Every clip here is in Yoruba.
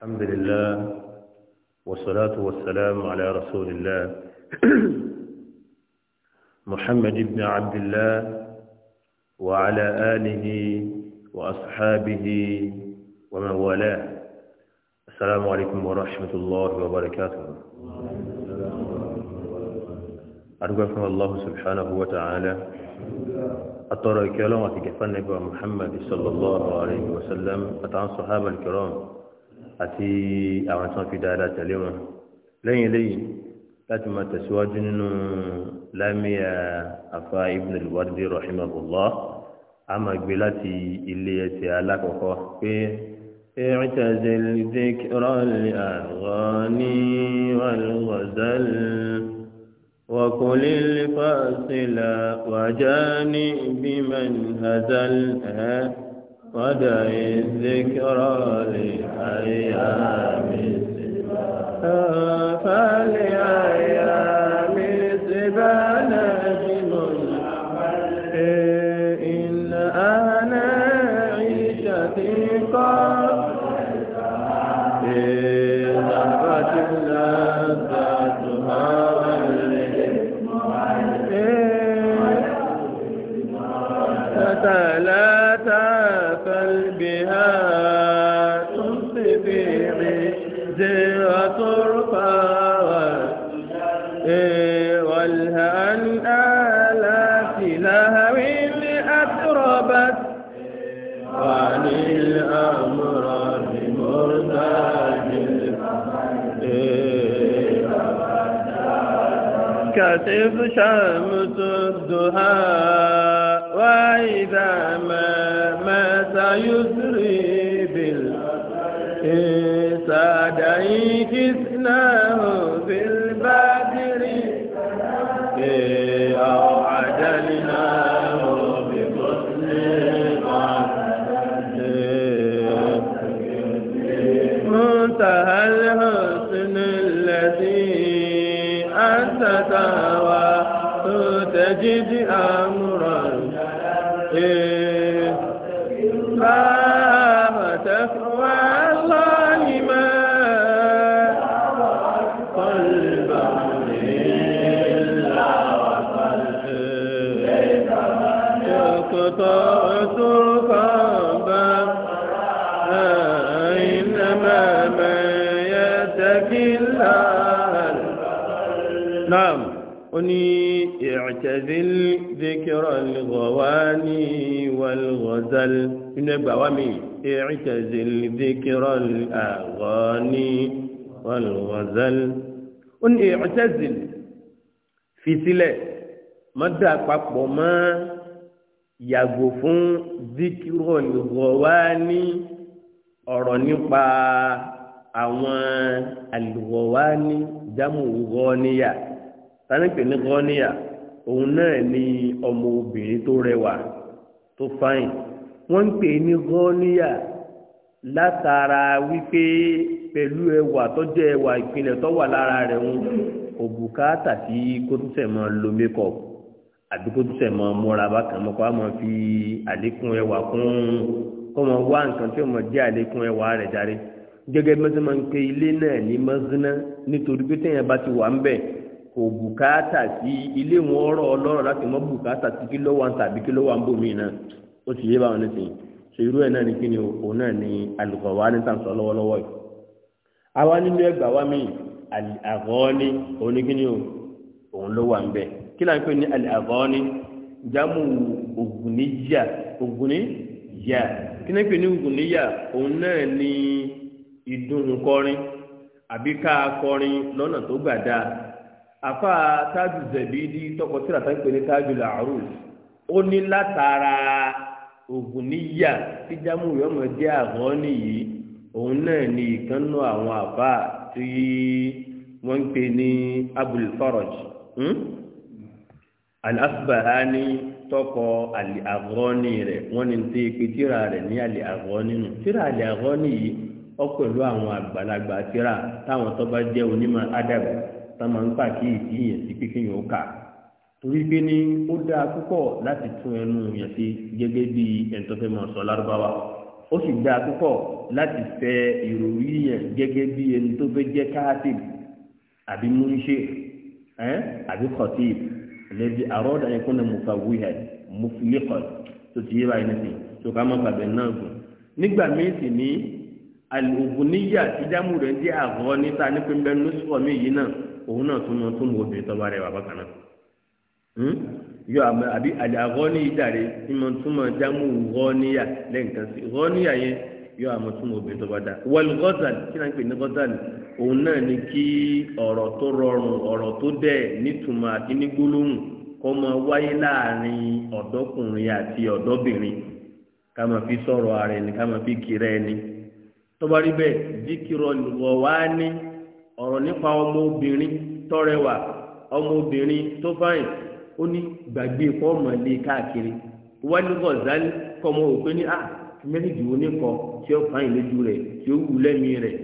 الحمد لله والصلاة والسلام على رسول الله محمد بن عبد الله وعلى آله وأصحابه ومن والاه السلام عليكم ورحمة الله وبركاته أرجوكم الله سبحانه وتعالى أترى الكلام في كفن محمد صلى الله عليه وسلم أتعن الصحابة الكرام àti àwọn tí wọ́n fi dáadáa tẹ̀lé wọn lẹ́yìn eléyìí láti máa tẹ̀síwájú nínú lámìyà afa ibn al-wardi rahimahullah a máa gbé láti ilé ẹsẹ̀ alákọ̀ọ́kọ́ pé اعتزل ذكر الأغاني والغزل وكل الفاصل وجاني بمن هزل ودع الذكرى لحياه السبا تطلع شمس الضحى وإذا ما مات يسرى أني اعتزل ذكر الغواني والغزل من بوامي اعتزل ذكر الأغاني والغزل أني اعتزل في سلة مدى قبما يغفون ذكر الغواني أرنقى أوان الغواني دم غانية tánípè ní gọ́níyà òun náà ni ọmọ obìnrin tó rẹwà tó fáyìn wọ́n ń pè ní gọ́níyà látara wípé pẹ̀lú ẹwà tọ́jú ẹwà ìpìlẹ̀ tó wà lára rẹ̀ ń òbúkátà sí kótósẹ̀ máa lo makeup àbí kótósẹ̀ máa múra bákan mọ́kọ́ á máa fi àlékún ẹwà kún kọ́ máa wá nǹkan tí ó máa jẹ́ àlékún ẹwà rẹ̀ járe gẹ́gẹ́ bí wọ́n máa ń pe ilé náà ní mọ́sánná nítorí pé téèyàn bá ti wà ń bẹ̀ kò bùkátà sí ilé wọn ọ̀rọ̀ ọlọ́rọ̀ láti mọ́ bùkátà sí kí ló wà ń tàbí kí ló wà ń bò míì náà ó ti yé báwọn nísìnyí ṣe irú ẹ̀ náà ni kí ni òun náà ni alùpùpù wa ní tàǹsán lọ́wọ́lọ́wọ́ yìí àwa nínú ẹgbà wa mi àgọ́ọ́ni oníkíní o òun ló wà ń bẹ̀ kí láń pè ní àgọ́ọ́ni jámù ògùnìyà ògùnìyà kí láń pè ní ògùnìyà òun náà ni ìdùnnú kọrin àbí ká kọrin lọ́nà tó gbà dáa àfa tájù zẹ̀bídì tọkọtìrà tá ń pè ní tájù làárù la ní látara ògùn níyà tí jámù rẹ̀ ọmọ jẹ́ àgọ́ nìyí òun náà ni ìkànnù àwọn àfa tí wọ́n ń pè ní abul faraj hmm? alasubahani tọkọ aliagọ́ni rẹ̀ wọ́n ní tí pé tíra rẹ̀ ní aliagọ́ni nù tíra aliagọ́ni yìí ọ pẹ̀lú àwọn àgbàlagbà tíra táwọn tó bá jẹ́ onímọ̀ tá máa ń pàkíyèsí yẹn sí pé kéèyàn ó kà torí pé ní ó dáa púpọ̀ láti tún ẹnu yẹn sí gẹ́gẹ́ bí ẹ̀ńtọ́fẹ́ máa sọ lárúbáwá ó sì dáa púpọ̀ láti fẹ ìròyìn yẹn gẹ́gẹ́ bí ẹni tó fẹ́ jẹ́ káàtì àbí múnṣe àbí kọ̀tì lẹ́bi àrọ́dà yẹn kó na mùfàwí ẹ̀ mùfìlẹ́kọ̀ tó ti yé báyìí nìsín tó ká má bàbẹ̀ náà gùn nígbà míì sì ní alùpùpù níyà tí jámù rẹ̀ ń jẹ́ àgọ́ níta nípínlẹ̀ nùsùlùmí yìí náà òun náà tún mọ tó mọ obìnrin tó bá rẹ wà bákan náà hmm? yọ àbí àgọ́ ní ìdàrí ìmọ̀ tún mọ jámù rọ́níyà lẹ́ǹkan sí rọ́níyà yẹn yọ àmọ́ tún mọ obìnrin tó bá dà wọlé gọ́tàl kí náà ń pè ní gọ́tàl òun náà ni kí ọ̀rọ̀ tó rọrùn ọ̀rọ̀ tó dẹ̀ nítumọ̀ àti ní gbólóhùn kọ́ mọ wáyé láàrin ọ̀dọ́kùnrin àti ọ̀dọ́bìnrin ká máa fi sọ̀rọ̀ ara ẹni ká máa fi kiri ẹni tó rí bẹ́ẹ̀ díkìrọ̀ wọ̀ wá ní ọ̀rọ̀ nípa ọmọ obìnrin tọrẹwà ọmọ obìnrin tó fáyìn ó ní gbàgbé fọ́ọ̀mù ilé káàkiri wọ́n ní gọ̀zálì kọ́mọ òpin ní à ah, mẹ́rìndì wo ní kọ tí ó fáyìn lójú rẹ̀ tí ó wù lẹ́mí rẹ̀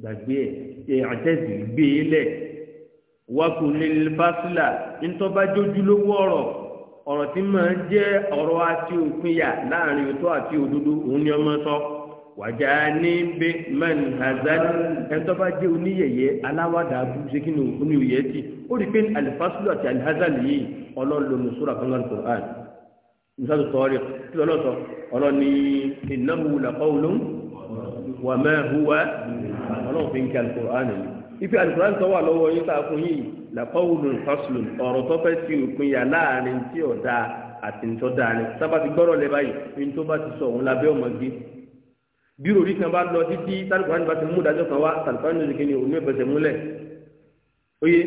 gbàgbé ẹ̀ ẹ̀ àtẹ̀sí gbé e lẹ̀ wákùnrin fásilà ńtọ́bájójúlówó ọ̀rọ̀ ọ̀rọ̀ tí máa ń jẹ́ ọ̀rọ̀ àti òpinya láàrin òtó àti òdodo òun ni ọmọ sọ wàjà ní bí mẹ́rin hazan ẹ̀ńtọ́ bá jẹ́ oníyẹ̀yẹ aláwàdà abúlé kí ni òní òye ti ó rí pé alifásúlù àti alihazan yìí ọlọ́ọ̀lọ́ nùsúrà fún lọ́nà kùrán nísàtò sọ́ọ́rì kí lọ́lọ́sọ ọlọ́ni ìnáwó làkọ́wọ́ló wà mẹ́hùwà ọlọ́run fi ń kí alukóran ni ife alukóran tó lọ́wọ́ yín tá a fún yìí làkọ́wọ́ló fásulù ọ̀rọ̀ tó fẹ́ sí òpin yà láàrin tí ọ̀dà àti ni sábà ti gbọ́rọ̀ lẹ́ báyìí ní tó bá ti sọ òun lábẹ́ ọmọge bírò orí kan bá lọ títí sálùkọ́ àti bàtí mú dájọ́ kan wá sálùkọ́ àti lóṣèké ni òun ẹ̀bẹ̀sẹ̀ múlẹ̀ oye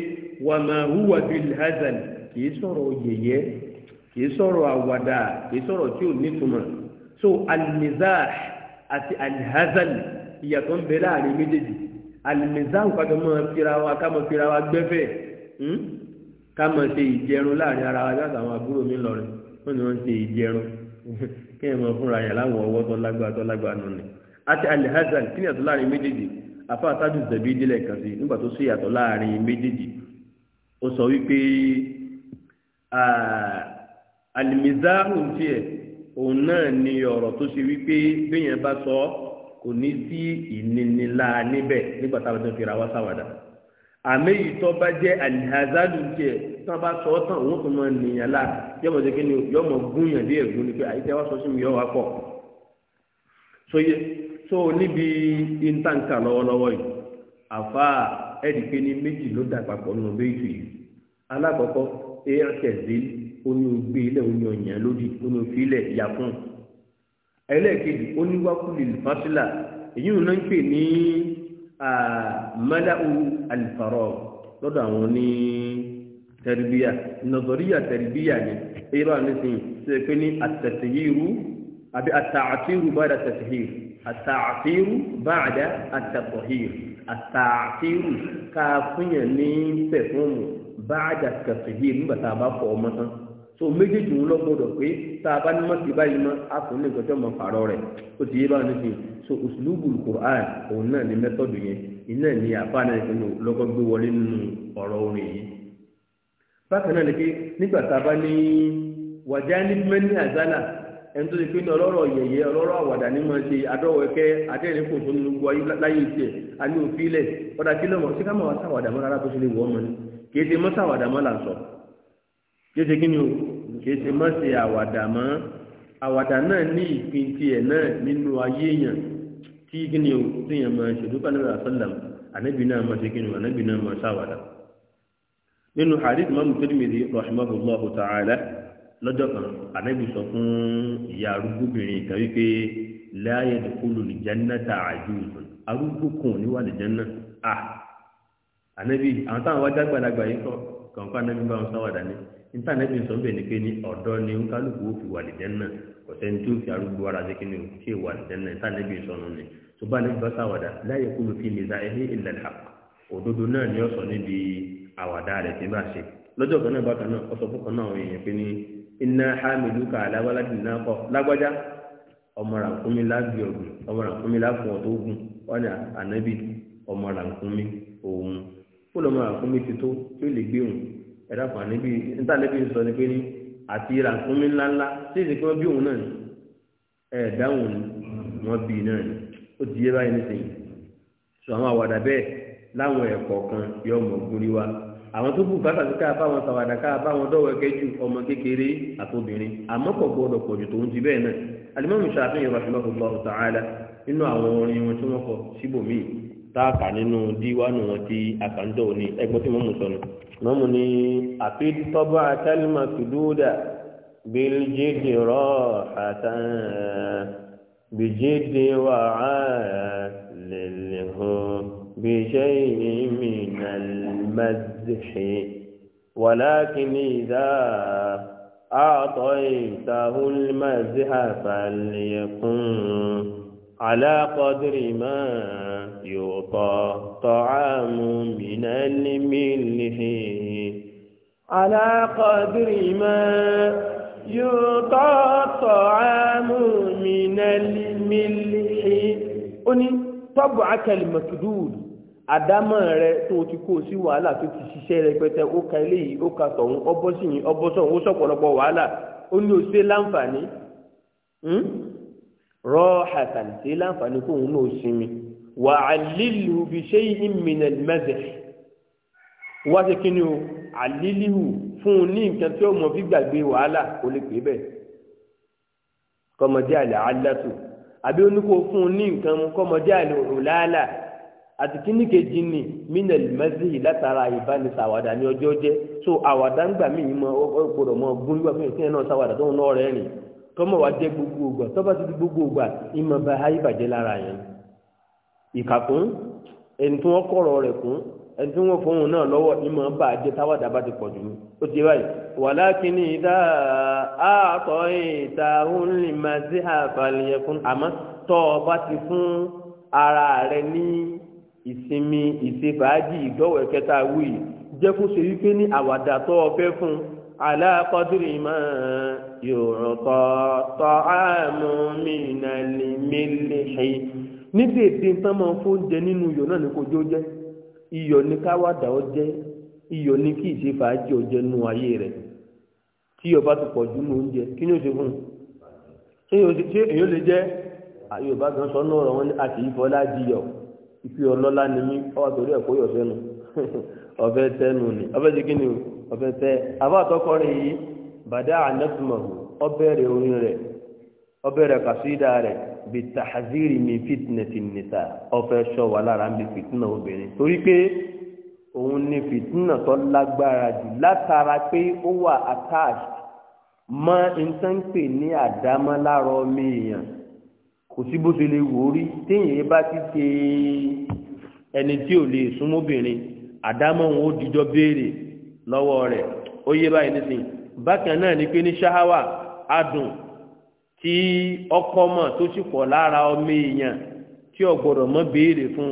wà máa hùwà bíi hazan kìí sọ̀rọ̀ yẹ̀yẹ́ kìí sọ̀rọ̀ àwàdà kìí sọ̀rọ̀ tí ò nítumọ̀ so alimizah àti alihazan ìyàtọ̀ ń bẹ láàrin méjèèjì alimizah kájọ máa fira wa ká máa fira wa gbẹ́fẹ̀ hmm? ká máa ṣe ìjẹrun láàrin ara wa yàtọ̀ àwọn àbúrò mi lọrin wọ́n ní wọ́n ṣe ìjẹrun kí ẹ̀ máa fúnra yẹn láwọn ọwọ́ tó lágbára nù ni ati alihazan kí ni ìyàtọ̀ láàrin méjèèjì afa atadu zabi dílẹ̀ kan sí nígbà tó sí ìyàtọ̀ láàrin méjèèjì ó sọ wípé alimizahu tiẹ̀ òun náà ni ọ̀rọ̀ tó ṣe wípé béèyàn bá sọ kò ní sí ìnínílá níbẹ̀ nígbà táwọn tó ń fira wá sáwàdà àmì bá jẹ́ alihazadu tiẹ̀ tí bá sọ tán òun tó máa nìyàn lá yọmọ jẹ́ kí ni yọmọ gúnyàn díẹ̀ gún ni pé àyíká wá sọ sí mi yọ wá pọ̀ sóye so níbi intanka lọ́wọ́lọ́wọ́ yìí àfa ẹ̀dìgbé ní méjì ló dà papọ̀ nínú méjì yìí alákọ̀ọ́kọ́ ẹ̀ẹ́dẹ̀zí oyún gbé ilẹ̀ oyún ọ̀yàn lódì oyún fílẹ̀ yà fún un ẹlẹ́ẹ̀kejì oníwákùlì fásilà èyí ò náà ń pè ní mẹ́láwù alifárọ̀ lọ́dọ̀ àwọn ní tẹ̀rìbíyà nọ̀dọ̀ríyà tẹ̀rìbíyà ni èyí ló wà nísìnyí ṣe pé ní àtẹ̀tẹ̀yìrú àbí àtàtìrú bá dà tẹ̀tẹ̀yìrú àtàfíìrù báàdà àtàtọ̀hìr àtàfíìrù káfíyàn ní pẹ̀fọ́ọ̀mù báàdà àtàtọ̀hìr nígbà tá a bá fọ ọmọ tán so méjèèjì ń lọ gbọdọ̀ pé tá a bá ní mọ́tì báyìí mọ́ a kò ní ìgbọ́jọ́ mọ́ pàrọ̀ rẹ̀ ó ti yé báwọn níbi so òṣùlùbù kùrán òun náà ní mẹ́tọ́dù yẹn iná ní àfáàní ìpinnu lọ́kọ́ gbé wọlé nínú ọ̀rọ̀ orin yìí bákan náà ni pé nígbà tá a bá ní wàjá ní mẹ́ni àzálà ẹni tó ti pé ní ọlọ́rọ̀ yẹ̀yẹ́ ọlọ́rọ̀ àwàdà ní máa ṣe adọ́wọ̀ẹ́kẹ́ adẹ́rìn kò tó nínú wáyé láyé tiẹ̀ a ní òfin ilẹ̀ ọ̀dà kí lọ́mọ sí kámọ̀ sáwàdà mọ́ rárá tó ṣe lè wọ́ ọmọ ni kì í ṣe mọ́ sáwàdà mọ́ là ń sọ kì í ṣe kí ni o kì í ṣe mọ́ ṣe àwàdà mọ́ àwàdà náà ní ìpín tiẹ̀ náà nínú ayé èèyàn tí kí ni o tí èèyàn máa ṣe dúpẹ́ níbi àṣọlá lọ́jọ́ kan ànábì sọ fún ìyá arúgbóbìnrin kan wípé láàyè dùkúlù nìjánná ta àjùmọ̀ arúgbó kan ò ní wà nìjánná à ànábì àwọn táwọn wájú àgbàlagbà yìí kọ kànfà ànábì bá wọn sáwàdà ní níta ànábì sọ bẹ́ẹ̀ ni pé ní ọ̀dọ́ ni ń kálukú ó fi wà nìjánná kò sẹ́ni tí ó fi arúgbó ara ṣe kí ni ó ṣe wà nìjánná níta ànábì sọ nù ni tó bá ànábì bá sáwàdà láàyè kúlù fi nìza ẹni ilẹ̀ ha òdodo náà ni ó sọ níbi àwàdà rẹ̀ ti máa ṣe lọ́jọ́ kan náà bákan náà ọ iná hamiluka alábàládìnnà kọ lágbájá ọmọ ràkúnmí lábì ọ̀gbìn ọmọ ràkúnmí láfún ọ̀tọ̀ ogun wọn ni ànábì ọmọ ràkúnmí òun ó lọ́mọ ràkúnmí ti tó tí ó lè gbé òun ẹ̀dá fún ànábì níta ànábì sọ ni pé ní àti ràkúnmí ńláńlá tí èsì kí wọ́n bí òun náà ni ẹ̀ẹ̀dá òun ni wọ́n bí náà ni ó ti yé báyìí nísìnyí sọ àwọn àwàdà bẹ́ẹ̀ láwọn ẹ̀kọ́ yọ ọmọ ògúnrí wa àwọn tó kù kátà síkà báwọn sàwàdà ká báwọn dọ́wọ́ kẹjú ọmọ kékeré àtòbìnrin àmọ́ kò gbọdọ̀ pọ̀ jù tòun ti bẹ́ẹ̀ náà alimami ṣàfihàn rahimahullahu ta'ala nínú àwọn orin wọn tí wọ́n kọ síbòmíì táàkà nínú díwánu wọn tí àkàndọ̀ òní ẹgbọ́n tí mọ́mú sọnù mọ́mú ni àfíìdì tọ́ba àtàlímà kìdúdà bíljédè rọ àtàn bíjédè wàhálẹ̀ lẹ́hìn. بشيء من المزح ولكن إذا أعطيته المزح فليكن على قدر ما يعطى طعام من الملح على قدر ما يعطى طعام من الملح أني طبعك المكدود àdámọ̀ rẹ tó o ti kó o sí wàhálà tó ti ṣiṣẹ́ rẹpẹtẹ ó ka eléyìí ó ka tọ̀hún ọbọ̀ sí yìí ọbọ̀ sọ̀hún ó sọ̀pọ̀lọpọ̀ wàhálà ó ní o ṣe láǹfààní hmm? rọ àtàn ṣe láǹfààní kó òun náà sinmi wà á lílu bí ṣé yìí mìíràn mẹ́sẹ̀ wá sí kí ni o àlílíhù fún un ní nǹkan tí ó mọ fi gbàgbé wàhálà kó lè pè bẹ́ẹ̀ kọ́mọdé àlẹ́ àlátù àbí oníkó fún un ní nǹkan kọ́mọdé àlẹ́ òrùlálà àti kíní kejì ni minel mẹsìlì látara ìbánisàwàdà ní ọjọ́ jẹ́ so àwàdà ń gbà míì mọ ọgbọ́dọ̀ mọ gún wíwá fún ìsìn náà sàwàdà tó ń lọ rẹ̀ rìn tọ́mọ̀ wá jẹ́ gbogbo ògbà tọ́ba ti di gbogbo ògbà ìmọ̀ bá ayé bàjẹ́ lára yẹn ìkàkùn ẹni tí wọ́n kọ̀rọ̀ rẹ̀ kún ẹni tí wọ́n fọhùn náà lọ́wọ́ ìmọ̀ bá jẹ́ táwàdà bá ti pọ̀ jù ní ó ti báyìí wàlákìní ìdá àtọ̀ ìtàhùn ara rẹ ìsinmi ìsefàájì ìdọ́wọ̀ kẹta wí jẹ́ kó ṣe wípé ní àwàdà tó ọfẹ́ fún aláàkọ́dúrì mọ́ yòrùtọ̀ tọ́ àmú mìnàlì mélèṣe ní dèdè tán máa ń fóúnjẹ nínú iyọ̀ náà ní kò jó jẹ́ iyọ̀ ní káwàdà ó jẹ́ iyọ̀ ní kí ìsefàájì ó jẹ́ nú ayé rẹ̀ tí ọba ti pọ̀ jù ní oúnjẹ kí ni ó ṣe fún un ṣé èèyàn lè jẹ́ yorùbá kan ife ọlọ́lá ni mí ọwọ́ torí ẹ̀kọ́ yọ̀ fẹ́nu ọ̀fẹ́ tẹ́nu ni ọ̀fẹ́ ti kíni ọ̀fẹ́ tẹ́ àbá àtọkọrin yìí bàdá ànẹ́tùmọ̀hù ọbẹ̀rẹ̀ orin rẹ̀ ọbẹ̀rẹ̀ kàṣídà rẹ̀ bí tàhazírì mi fitnẹ̀tì nìta ọfẹ́ sọ wà lára ń bí fitnà obìnrin torí pé òun ni fitnà tó lágbára jù látara pé ó wà attached mọ́ ìtàn pè ní àdámọ́ láàárọ̀ èèyàn kò sí bó ṣe lè wò ó rí téèyàn bá ti ṣe ẹni tí ò lè súnmọ́bìnrin àdámọ́ òun ó dijọ́ béèrè lọ́wọ́ rẹ̀ ó yé báyìí nísìnyí bákan náà ni pé ní ṣáháwà adùn tí ọkọ mọ̀ tó sì pọ̀ lára ọmọ èèyàn tí ò gbọ́dọ̀ mọ́ béèrè fún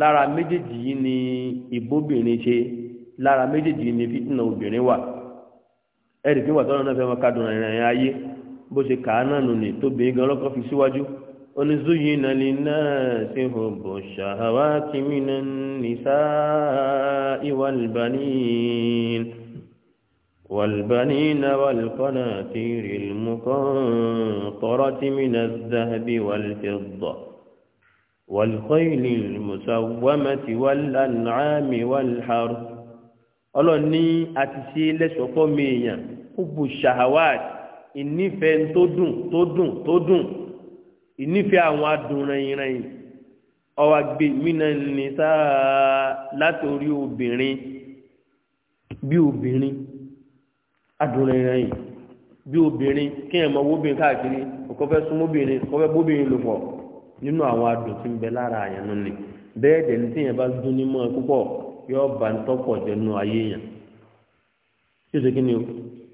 lára méjèèjì yìí ni ìbóbìnrin ṣe lára méjèèjì yìí ni fìtínà obìnrin wà ẹ̀rì fi wà tọ́nà náà fẹ́ wọn kádùn ìrìn àyè bó ṣe kàá náà nù ní tó bèé gan lọ́kọ́ fi síwájú oníṣúyìí náà lè náà ṣe hàn bọ̀ ṣàwá tí mí náà nìṣá ìwà ìbáni والبنين والقناطير المقنطرة من الذهب والفضة والخيل المسومة والأنعام والحر ọlọ́ni àti ṣe lẹ́sọ̀kọ́ mẹ́yàn ó bù ṣàhàwáàtì ìnífẹ̀ẹ́ tó dùn tó dùn tó dùn ìnífẹ̀ẹ́ àwọn adùnrẹ̀yìnrẹ̀yìn ọwọ́ gbé mínà ní sáà láti orí obìnrin bí obìnrin adùnrẹ̀yìnrẹ̀yìn bí obìnrin kí ẹ̀ mọ obìnrin káàkiri ọkọ fẹ́ súnmọ́ obìnrin ọkọ fẹ́ bóbìnrin lò pọ̀ nínú àwọn adùn tí ń bẹ lára àyàn nù ni bẹ́ẹ̀ dẹ̀ ní tíyẹn bá dún ní mọ́ ẹ púpọ̀ yọ ọba ń tọ́pọ̀ jẹ́nu ayé yẹn yóò ṣe kí ni o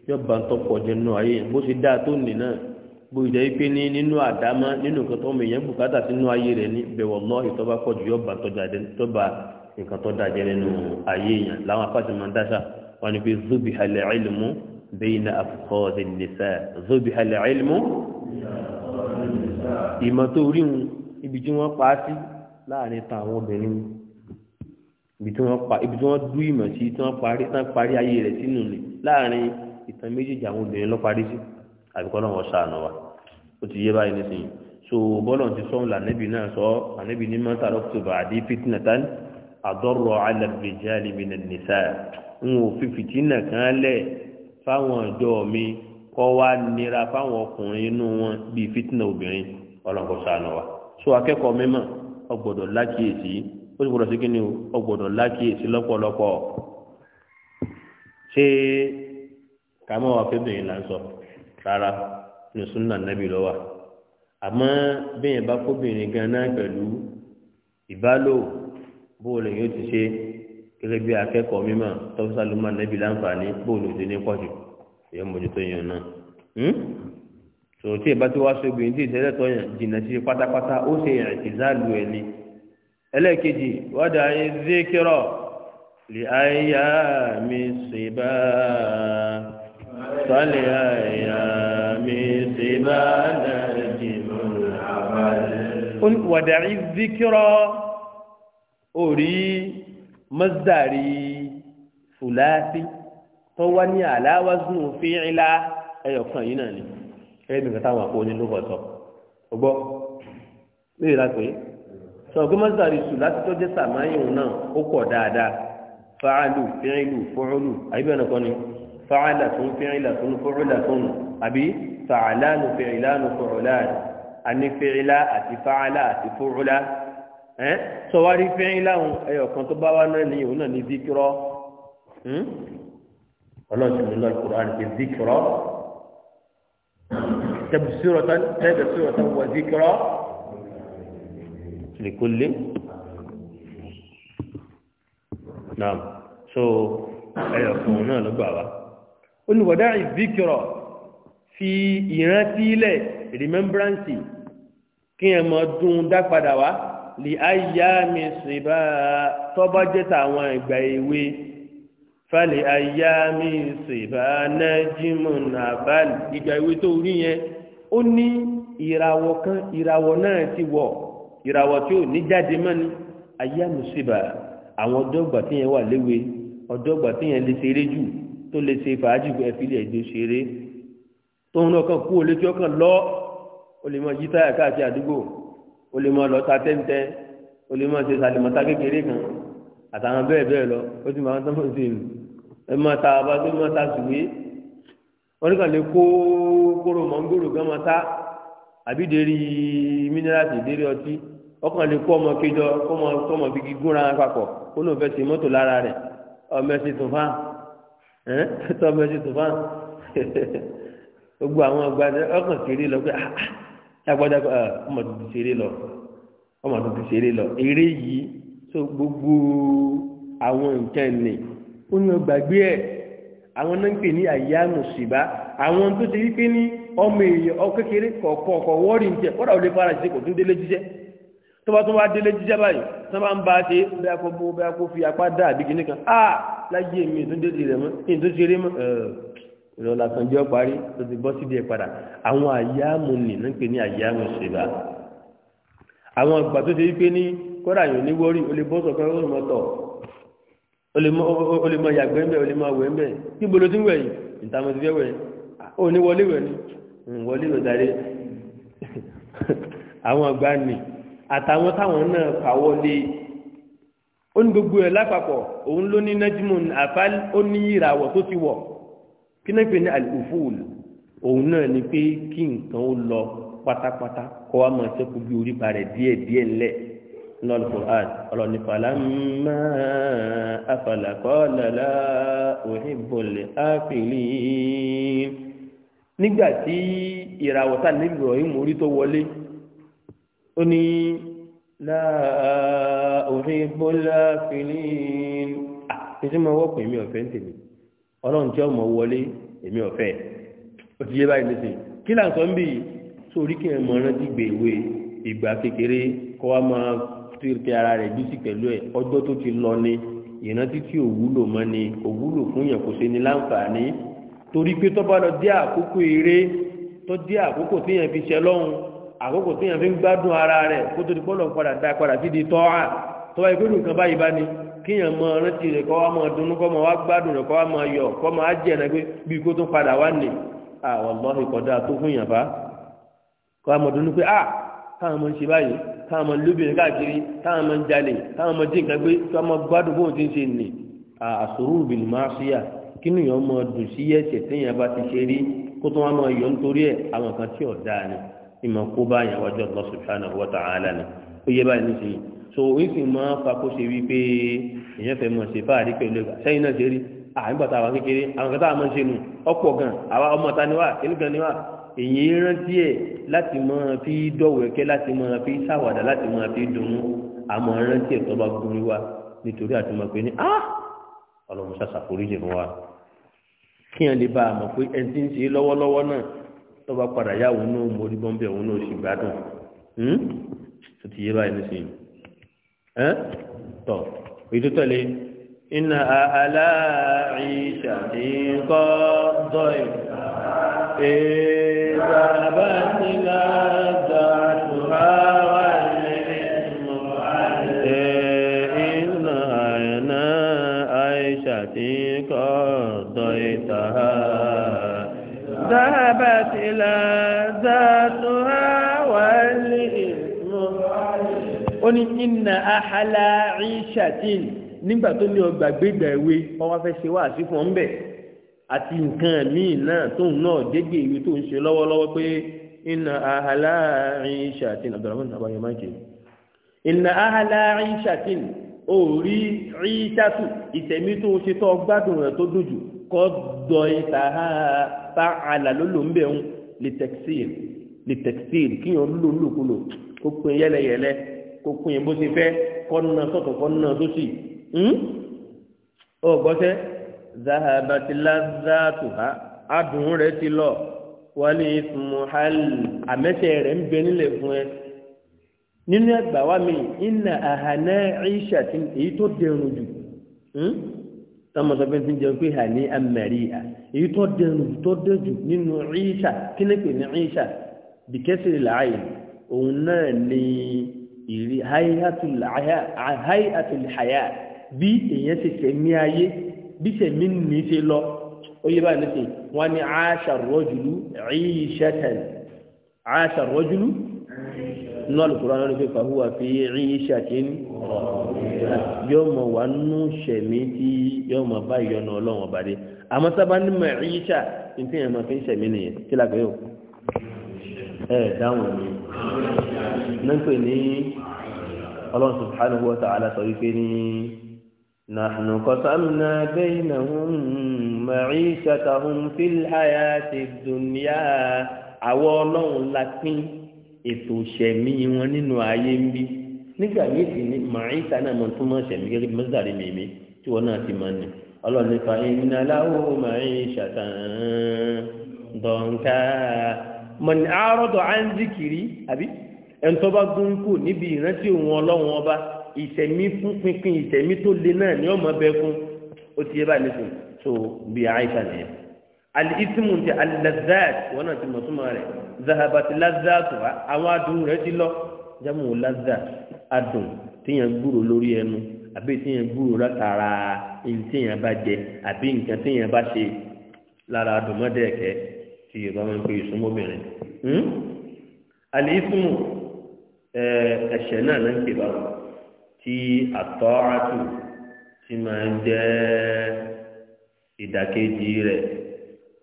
yóò bá ń tọpọ̀ jẹ nínú ayé bó ṣe dáa tó nì náà bó ìjẹ́ pé ní nínú àdámá nínú nǹkan tó ọmọ èèyàn bùkátà sínú ayé rẹ̀ ní bẹ̀wọ̀ lọ ìtọ́ba pọ̀ jù yóò bá tọ́ba nǹkan tó dáa jẹ nínú ayé èèyàn láwọn apá ti máa ń dáṣà wọn ni pé zobi halẹ̀ ilmu bẹ́yìn àfọ̀kọ́ ọ̀dẹ̀ nìṣẹ́ zobi halẹ̀ ilmu ìmọ̀ tó ibi tí wọ́n pa á sí láàrin ta àwọn obìnrin ibi tí wọ́n dú ìmọ̀ sí tí wọ́n parí ayé rẹ̀ sínú láàrin ìtàn méjèèjì àwọn obìnrin ló parí sí àbíkọ́ náà wọ́n sàánù wa ó ti yé báyìí nísìnyí so bọ́lọ̀ ti sọ́hun lànẹ́bì náà sọ ànẹ́bì ní mọ́ta ọ̀tọ̀bà àdí fitnatan àdọ́rọ̀ alàbẹ̀jáde mìíràn nìsá n ò fi fìtínà kan lẹ̀ fáwọn ọjọ́ mi kọ́ wá nira fáwọn ọkùnrin inú wọn bíi fitna obìnrin ọlọ́nkọ sànù wa so akẹ́kọ̀ọ́ mímọ̀ ọgbọ̀dọ̀ lákìyèsí ó sì gbọ́dọ̀ sí kí ni ọgbọ̀dọ̀ lákìyèsí lọ́pọ̀lọpọ̀ ṣé kàmú àwọn afẹ́bìnrin là ń sọ rárá ní súnà nàbì lọ́wà àmọ́ bẹ́ẹ̀ bá kóbìnrin gan náà pẹ̀lú ìbálò bóòlù yóò ti ṣe gẹ́gẹ́ bí akẹ́kọ̀ọ́ mímọ̀ tọ́fíṣà ló máa nàbì láǹfààní bóòlù òde ní pọ̀jù èèyàn mójútó yẹn náà hmm? sọ̀rọ̀ tí ìbá tí wàá ṣe obìnrin tí ìtẹ́lẹ̀ tọ́ yẹn jìnnà sí pátápátá ó ṣe ìrìntìzáàlù ẹ̀ ni ẹlẹ́ẹ̀kejì wádà ayé zékérọ̀ lè ayé yá mi ṣèbáà wàdàrí zikirọ́ orí mazdari fulasi tó wá ní aláwazun fíìlà ẹyọkan yìí náà ni ẹni nǹkan táwọn àpò onílùkọ sọ ọgbọ léyìí la pé sọ pé mazdari fulasi tó jẹ sàmáyìn náà ó pọ̀ dáadáa fáálù fíìlù fọ́ọ̀lù àyíbẹ̀rẹ̀ kan ni fa'alatun fi'ilatun fu'ulatun àbí fa'alanu fi'ilanu fu'ulan a ní fi'ila àti fa'ala àti fu'ula ẹ́ sọwárí fi'ila ẹ̀yọ̀kan tó bá wá náà ní òun náà ní zikirọ́ hm? ọlọ́ọ̀tún lọ́ọ̀ kúrán ti zikirọ́ tẹ̀bùsírọ̀ tán wọ zikirọ́ lèkólé naam so ẹ̀yọ̀kan náà ló gbà wá olùwọ̀dá ìzíkìrọ̀ fi ìrántílẹ̀ rìmẹ́mbránsì kí ẹ mọ dún dá padà wá lè àyà mi sùn bá tọ́bọ́ jẹ́ tàwọn ìgbà èwe fálẹ̀ àyà mi sùn bá nájímù nàbàlì ìgbà èwe tó rí yẹn ó ní ìràwọ̀ kan ìràwọ̀ náà ti wọ̀ ìràwọ̀ tí ò ní jáde mọ́ni àyà mi sùn bá àwọn ọjọ́ tí yẹn wà léwe ọjọ́ tí yẹn lè ṣeré jù tó lè ṣe fàájì gbẹ fílẹ̀ ìjọ ṣeré tóun náà kàn kú olétí ọkàn lọ o lè mọ yí táyà káàkiri àdúgbò o lè mọ lọ ta tẹ́ntẹ́ o lè mọ ṣe sàlìmọ́tà kékeré kan àtàwọn bẹ́ẹ̀ bẹ́ẹ̀ lọ ó ti máa ń tán fún ìsìn ẹ máa ta àbá tó máa ta sùwé wọ́n ní kàn lè kó kóró mọ́ngòrò gan máa ta àbí deri mínírààtì deri ọtí ọkàn lè kó ọmọ kejọ kó ọmọ fi gígúnra papọ̀ kó lóun fẹ́ ṣe mọ́tò lára rẹ̀ ọmọ ẹ̀sìn tó fáà tọ́mọ ẹni tó bá gbogbo àwọn ọgbà ọkàn kéré lọ pé agbada ah, ah, ah, ọmọ tuntun ṣeré lọ ọmọ tuntun ṣeré lọ eré yìí tó gbogbo àwọn nǹkan ní ó ní ọgbàgbé ẹ àwọn náà ń pè ní àyà mùsùlùmá àwọn tó ti rí pé ní ọmọ èèyàn ọkékeré kọ̀ọ̀kan ọ̀kọ̀ wọ́ọ̀rì ń jẹ kọ́dà ó lè fara ṣe kò tún délé jíjẹ́ tó bá tún wá délé jíjẹ́ báyìí tó bá ń ba ṣe bí a kò bó bí a kò fi apá dá àbí kìnnìkan ah láyé mi ìtúndéjì rẹ̀ mọ́ ìtúndéjì mọ́ ìrọ̀lá kan jẹ́ parí tó ti bọ́ síbi ẹ̀ padà àwọn àyáàmù nì ní pé ní àyáàmù ṣèlá àwọn ìgbà tó ṣe wípé ní kọ́dà yóò ní wọ́rí o lè bọ́ sọ̀kan ó lè mọ tọ̀ o lè mọ yàgbẹ́ ńbẹ̀ o lè mọ wẹ̀ ńbẹ̀ kí bolo ti wẹ̀ yìí ìtààmú ti fẹ́ wẹ̀ ó ní wọlé wẹ̀ ni wọlé wẹ̀ dáre àwọn àgbà nì àtàwọn táwọn náà kàwọ́ lé ó ní gbogbo ẹ̀ lápapọ̀ òun ló ní najmun afal ó ní ìràwọ̀ tó ti wọ̀ kí náà pè ní aluful òun náà ni pé kí nǹkan ó lọ pátápátá kọ́ wa máa ṣẹ́kù bí orí ba rẹ̀ díẹ̀ díẹ̀ ńlẹ̀ nínú alukur'an ọ̀rọ̀ ní falama afalakọ́lala òhìnbọ̀lẹ̀ áfìlì nígbà tí ìràwọ̀ níbi ìrọ̀yìn mórí tó wọlé ó ní la uhibbu al-lafilin ìsìn ah, mọ́ wọ́pọ̀ èmi ọ̀fẹ́ ń tèmi ọlọ́run tí ọmọ wọlé èmi ọ̀fẹ́ ó ti yé báyìí lẹ́sìn kí là ń sọ ń bì sórí kí ẹ mọ rántí gbèwé ìgbà kékeré kó wá máa tìrìtì ara rẹ̀ bísí pẹ̀lú ẹ̀ ọjọ́ tó ti lọ ni ìrántí tí òwúlò mọ́ ni òwúlò fún yàn kò ṣe ni láǹfààní torí pé tọ́ba lọ dé àkókò eré tó dé àkókò tí yàn fi ṣẹ lọ́hùn àkókò tí yàn fi ń gbádùn ara rẹ̀ kó tó di pọ́lọ̀ padà dá padà sí di tọ́ra tó bá ìpínlẹ̀ nǹkan báyìí bá ní kíyàn mọ rántí rẹ̀ kọ́ wá mọ dunnú kọ́ mọ wá gbádùn rẹ̀ kọ́ wá mọ yọ kọ́ mọ ájẹ́ rẹ̀ bí kó tó padà wá nì àwọn ọlọ́run ìkọ̀dá tó fún yàn bá kọ́ wá mọ dunnú pé ah táwọn ọmọ ń ṣe báyìí táwọn ọmọ lóbìnrin káàkiri táwọn ọmọ ń jalè táwọn ọmọ dín nǹkan gbé tí wọn mọ gbádùn bóun ti ń ṣe nì àṣòro ìbìlì máa ṣí à kí nìyẹn mọ dùn sí ẹsẹ téèyàn bá ti ṣe rí kó tó wọn mọ yọ nítorí ẹ àwọn kan tí ò dáa ni ìmọ̀ kó bá yàn wájú ọ̀gbọ́n subhanahu wa ta'ala ni ó yẹ báyìí nísìnyí so òun sì máa fa kó ṣe wípé èèyàn fẹ́ mọ̀ ṣe fáàrí pẹ̀lú ẹgbà sẹ́yìn náà ṣe rí àyìnbá tá a wà kékeré àwọn kan tá a máa ń ṣe nù ọ̀pọ̀ gan àwa ọmọ ta ni wá kíní kan ni wá èyí rántí ẹ̀ láti máa fi dọ̀wẹ̀kẹ́ láti máa fi sáwàdà láti máa fi dunnú àmọ́ rántí ẹ̀ tó bá gúnrí wa nítorí àtúmọ̀ pé ní á ọlọ́run ṣàṣàforíjì fún wa kí tó bá padà yá òun náà mórí bọ́m̀bẹ̀ òun náà sì gbádùn hmm? ó ti yé báyìí nísìnyí ẹ́ tọ̀ ètò tẹ̀lé iná aláìṣà ti ń kọ́ dọ́ì bá ti ń gbà dàtúrà. ní inna ahala ishatin nígbà tó ní ọgbà gbégbà ìwé ọwọ́ fẹ́ ṣe wáàsí fún ọ́n bẹ̀ àti nǹkan míì náà tóun náà dégbè ìwé tó ń ṣe lọ́wọ́lọ́wọ́ pé inna ahala ishatin abdulrahman abayo máke inna ahala ishatin orí ríṣàtù ìtẹ̀mí tó ṣe tọ́ gbádùn rẹ̀ tó dùn kọ́ dọ̀ ìta ha bá àlà lólò ń bẹ̀ ń lè ó pin yẹ́lẹ́yẹ́lẹ́ kó kún yẹn bó ti fẹ́ kọ́ nà sọ̀tọ̀ kọ́ nà sósì ọ hmm? gbọ́sẹ́ zahabatila zaatuha adùn rẹ ti lọ wálé muhal àmẹ́sẹ̀ rẹ̀ ń bẹ nílẹ̀ fún ẹ nínú ẹgbà wa mi iná àhànà ìṣà tí èyí tó dẹrùn jù hmm? tọmọtọpẹ ti ń jẹun pé hàní amẹríà èyí tó dẹrùn tó dẹrùn nínú ìṣà kí ni pè ní ìṣà bìkẹ́sì làáyé òun náà ní ìrí hayatul haya bí èyàn ti sẹ̀mí ayé bí sẹ̀mí ní ṣe lọ ó yẹ báyìí lọ́sẹ̀ wọ́n ní aṣàrọ́jùlú ríṣẹ́tẹ̀n aṣàrọ́jùlú náà lùkúrọ̀ náà lọ́sẹ̀ fàhùwà fi ríṣẹ́tẹ̀n yóò mọ̀ wá nú sẹ̀mí tí yóò mọ̀ bá ìyọnu ọlọ́wọ̀n bá dé náà pè ní ọlọ́run subhanahu wa ta'ala sọ wípé ní نحن قسمنا بينهم معيشتهم في الحياة الدنيا àwọn ọlọ́run la pín ètò ìṣẹ̀mí wọn nínú ayé ń bí nígbà yìí sì ni màáyíta náà mọ̀ tó mọ̀ ṣẹ̀mí gẹ́gẹ́ bí mọ́sálárì mèmí tí wọ́n náà ti mọ̀ ní ọlọ́run nípa ìnáláwó màáyí ṣàtàn dọ̀ǹkà man àárọ̀dọ̀ à ń zikiri àbí ẹni tó bá gún kù níbi ìrántí òun ọlọ́run ọba ìsẹ̀mí fún pínpín ìsẹ̀mí tó le náà ni ọmọ bẹ fún ó ti yé báyìí nísìnyí tó bí àìsà nìyẹn. alìsímù ti alìlazat wọn náà ti mọ̀ súnmọ́ rẹ̀ zahabati lazat wa àwọn adùn rẹ̀ ti lọ jámù lazat adùn tíyẹn gbúrò lórí ẹnu àbí tíyẹn gbúrò látara ẹni tíyẹn bá jẹ àbí nǹkan tíyẹn bá ṣe lára adùn tí yorùbá máa ń pè ìsúnmọ́bìnrin àlìísùnmù hmm? ẹ̀ṣẹ̀ náà ló ń pè báwọn tí àtọ́ràtù ti máa ń jẹ́ ìdàkejì rẹ̀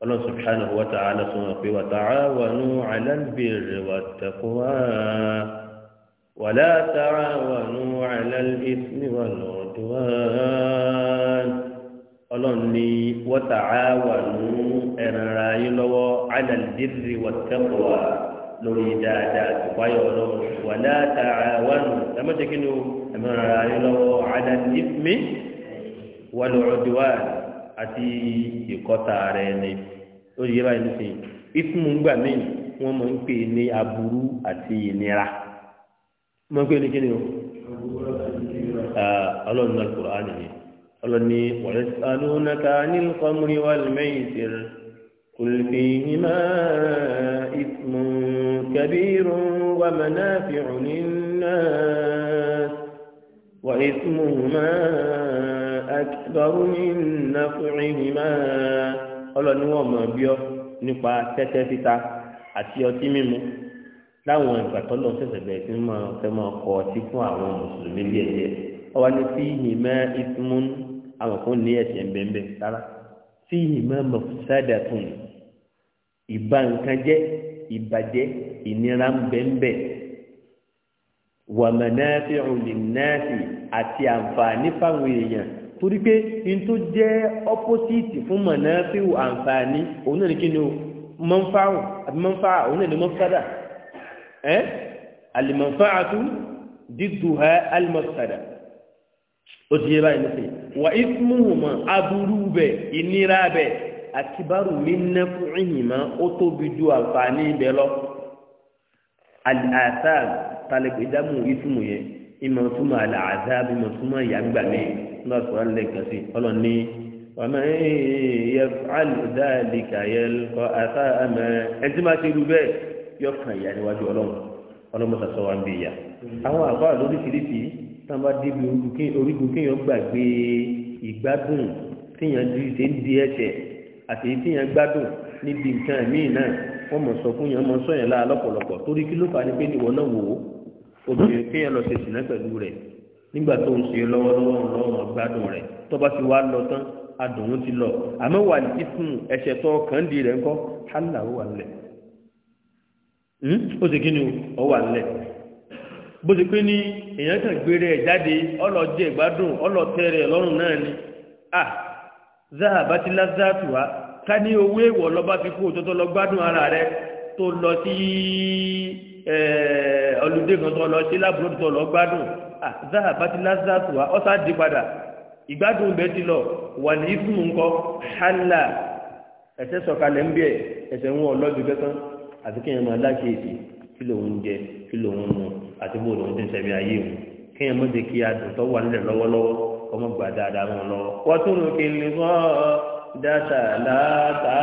ọlọ́run subhanahu wa ta'ala sọ wọn pé wà tààwọnú alálùbẹ̀rẹ̀ wà tẹ̀kọ́wá wà látàwọnú alálùbẹ̀rẹ̀ wà lọ́dọ̀wọ́n ọlọ́run ní wọ́tà á wà ní ẹ̀rànra yín lọ́wọ́ alàlìdírì wọ́tẹ́kọ̀ọ́ lórí dáadáa ìpáyọ̀ ọlọ́run wà láta wà nù ẹ̀mọ́tẹ́ kí ni ó ẹ̀rànra yín lọ́wọ́ alàlìdírì wà lọ́rọ̀dùwà àti ìkọ́ta rẹ̀ ni ó yẹ báyìí nísìnyí ìfúnmu gbà mí wọ́n máa ń pè ní aburú àti ìnira wọ́n máa ń pè ní kí ni ó ah, ọlọ́run náà kúrò á nìyẹn ọlọ́ni wọ̀nyí alúnaka nílùkọ́mùrí wà lẹ́yìn kùlùfìhìmá ìtumù kabiru wà mẹ́nàfìrù nínú wà ìtumùmá akíbarú nínú fìrìhìmá ọlọ́ni wọ́n mọ̀ bí ọ nípa tẹ́tẹ́ títa àti ọtí mímu láwọn ìgbà tọ́lọ́ sẹ̀sẹ̀ bẹ̀rẹ̀ sí máa fẹ́ máa kọ ọtí fún àwọn mùsùlùmí bí ẹ̀jẹ̀ ọwọ́ ní fìhìmá ìtumù àwọn kan ní ẹ̀sẹ̀ ńbẹ̀ńbẹ̀ rárá tí ìmọ̀ mọ̀fúsádà tún ìbá nǹkan jẹ́ ìbàjẹ́ ìnira ńbẹ̀ńbẹ̀ wàmẹ̀nẹ́fì ọ̀lẹ́nẹ́fì àti àǹfààní fáwọn èèyàn torí pé n tó jẹ́ ọ́pọ́sìtì fún mọ̀nẹ́fì àǹfààní òun náà ní kí ni o mọ̀nfààrùn àbí mọ̀nfààrùn òun náà ní mọ̀fúsádà ẹ́ àlìmọ̀fààtú dídùn ha àlìmọ̀fúsádà ó ti yé báyìí nísìn wà ismuhuma aburú bẹ ìnira bẹ akibaru mi nẹfu ìyìnmá ó tóbi ju àǹfààní bẹ lọ àtà talẹ̀kọ̀ ìdámù ismu yẹ ìmọ̀ túmọ̀ àlẹ́ àzá ìmọ̀ túmọ̀ ìyàgbà mi ní ọ̀sán lẹ́kàn sí ọlọ́ni ọ̀mọ̀ yẹ alùdáàlìkà yẹ lọ àtà àmọ́ ẹ ti máa ti rú bẹ́ẹ̀ yọkàn ìyá níwájú ọlọ́run ọlọ́mọ sàṣọ wa ń bí ìyá àwọn àbá lóríṣiríṣi tá a bá débi orígun kéèyàn gbàgbé ìgbádùn téèyàn di ṣe ń di ẹsẹ̀ àti téèyàn gbádùn níbi nǹkan míì náà wọ́n mọ̀ sọ fún yẹn mọ̀ sọ yẹn láà lọ́pọ̀lọpọ̀ torí kí ló fà ní pé níwọ náà wò ó obìnrin kéèyàn lọ ṣe sìnà pẹ̀lú rẹ̀ nígbà tó ń ṣe lọ́wọ́lọ́wọ́ lọ́wọ́ gbádùn rẹ̀ tó bá ti wá lọ tán adùn ti lọ àmọ́ wà ní fún ẹ̀ṣẹ̀ tó kàn dì rẹ̀ ńkọ́ hálà ó wà nílẹ̀ hmm? bó ti pé ní èèyàn kan gbére ẹ̀ jáde ọlọ́jẹ́ ìgbádùn ọlọ́tẹ́ lọrùn náà ni à ah, záàbá ti lázàtù wá ká ní owó èèwọ̀ lọ́ba fi kú òtọ́tọ́ lọ gbádùn ara rẹ tó lọ sí ọlùdé kan tó lọ sí lábúrò tó lọ gbádùn ah, ti wá ọ́sá kí lòun jẹ kí lòun mu àti bó lòun ti ń sẹ́mi ayé òun kéèyàn mọ́ ti kí adùn tó wà nílẹ̀ lọ́wọ́lọ́wọ́ ọmọ gbà dáadáa mọ́ lọ́wọ́. wọ́n tún lò kí n lè fọ́ dáṣà látà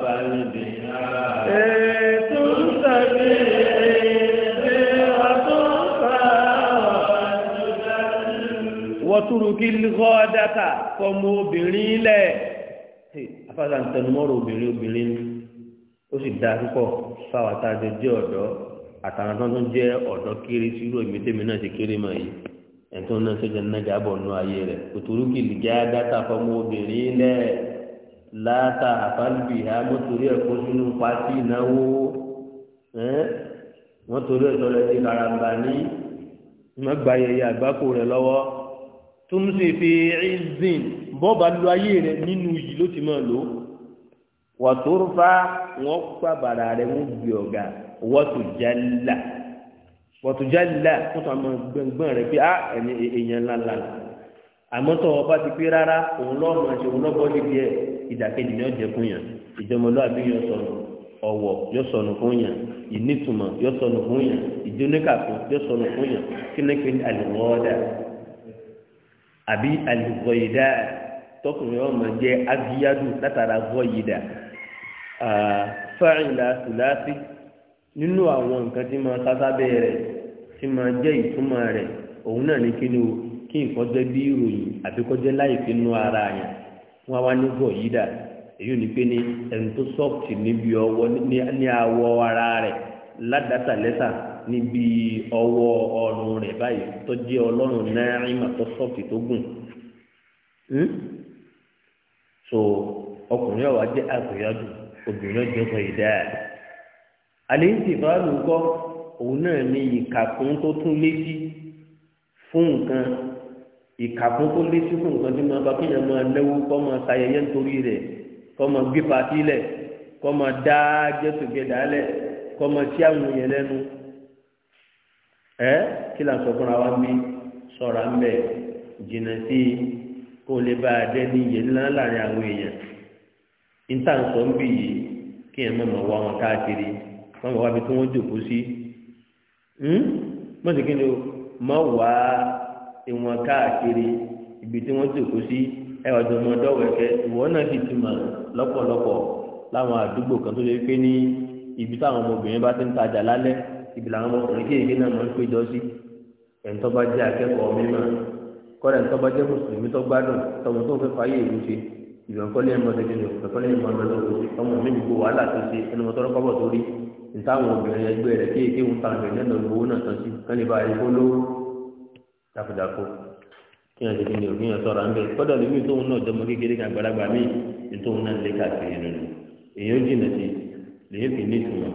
balùbí. ètò ìsàbí ẹ̀ẹ́dẹ́ ọ̀tún fà wọ́n tún lò kí n lè fọ́ dáṣà fọmọ obìnrin lẹ̀. afásà tẹnumọ́rọ̀ obìnrin obìnrin ni ó sì dáa púpọ̀ fáwọn àtàjọ jẹ́ ọ̀dọ́ àtàwọn tó ń jẹ́ ọ̀dọ́ kéré tí irú èmi tèmi náà ti kéré mọ̀ yìí ẹ̀tọ́ náà sọ́jà nága bọ̀ nù ayé rẹ̀ òtúrú kìlì já dáta fọmọ obìnrin lẹ̀ láta àfálùbì ha mọ́tòrí ẹ̀kọ́ sínú pátí ìnáwó mọ́tòrí ẹ̀tọ́ rẹ̀ ti karamba ní mọ́gbà àgbákò rẹ̀ lọ́wọ́ tó ń ṣe fi ẹ̀ẹ́zìn bọ́ọ̀bà lu ayé rẹ̀ nínú yìí ló ti mọ̀ lò ó wọ́tòrúfà wọ́n kó àbàrà rẹ̀ wọ́n gbé ọ̀gá wọ́tòjálà wọ́tòjálà wọ́n tó àmọ́ gbẹ̀ngbẹ̀n rẹ̀ pé ah ẹ̀ni èèyàn ńláńlá àmọ́ tó ọba ti pé rárá òun lọ́ọ̀mù àti òun lọ́bọ̀ níbi ẹ̀ ìdàkejì ni ó jẹ fún yàn ìjọmọlúwàbí yóò sọnù ọ̀wọ̀ yóò sọnù fún yàn ìnítumọ̀ yóò sọnù fún yàn ìdóníkàkùn yóò sọnù fún yàn kíníkì àlùwọ́ọ́dà àbí àlùwọ́yìdá tọkùnrin ọmọ jẹ abiyadu látara vọ́yìdá fáìlà tùlásì nínú àwọn nǹkan tí máa sásábẹ́ rẹ̀ tí máa jẹ́ ìtumọ̀ rẹ̀ òun náà ní kí o kí nǹkan jẹ́ bí ìròyìn àbí kọjẹ́ ara yẹn wọ́n wá ní bọ̀ yìí dà ni pé ní ẹni tó sọ́ọ̀tì níbi ọwọ́ ara rẹ̀ níbi ọwọ́ ọrùn rẹ̀ báyìí tó jẹ́ ọlọ́run tó sọ́ọ̀tì tó gùn hmm? so ọkùnrin ọ̀wá jẹ́ obìnrin jókòó ìdáa àlẹ́ ìsì báàlù kọ́ òun náà ní ìkàkùn tó tún létí fún nǹkan ìkàkùn tó létí fún nǹkan tí máa bá kéèyàn máa lẹ́wọ́ kọ́ máa sayẹyẹ nítorí rẹ̀ kọ́ máa gbé patí lẹ̀ kọ́ máa dá jẹ́tùgẹ́dà lẹ̀ kọ́ máa tí àwọn èèyàn lẹ́nu ẹ́ kí là ń sọ fúnra wa mi sọ̀rọ̀ à ń bẹ̀ jìnnà sí kó lè bá a dẹ́ ní ìyẹn ńlá láàrin àwọn èèyàn níta ń sọ ń bì yìí kí ẹ mọ̀ mọ̀ wá wọn káàkiri wọn mọ̀ wá bí tí wọ́n jòkó sí mọ̀sí hmm? kí ni o mọ̀ wá ìwọ̀n káàkiri ibi tí wọ́n jòkó sí ẹ ọ̀dọ̀ ọmọ dọ́wẹ̀kẹ́ ìwọ náà sì ti mọ̀ lọ́pọ̀lọpọ̀ láwọn àdúgbò kan tó lè pé ní ibi táwọn ọmọbìnrin bá ti ń tajà lálẹ́ ibi làwọn ọmọkùnrin kéèké náà máa ń péjọ sí ẹ̀ńtọ́ bá jẹ́ akẹ́kọ̀ọ́ mímọ́ kọ́ra ẹ̀ńtọ́ bá jẹ́ mùsùlùmí tó gbádùn tọmọ tó fẹ́ fàyè ìlú ṣe ìgbàkọ́lé ẹ̀ mọ́tò kí ni ìgbàkọ́lé ẹ̀ mọ́tò tó kó ọmọ mi gbogbo wàhálà tó ṣe ẹnu mọ́tò rọ́pọ̀ tó rí ntáwọn obìnrin ẹgbẹ́ rẹ̀ kéèké ń ta àgbẹ̀ lẹ́nu owó náà tán sí kán lè bá ẹ̀ kó lówó dákúdákú kí ẹ̀ ṣèkí ni òfin yẹn sọ̀rọ̀ ńbẹ kọ́dà lómi tóun náà jọmọ kékeré kan àgbàlagbà míì ní tóun náà lé káàkiri nínú èyí ó jìnà sí lèyìn fi ní ìtumọ̀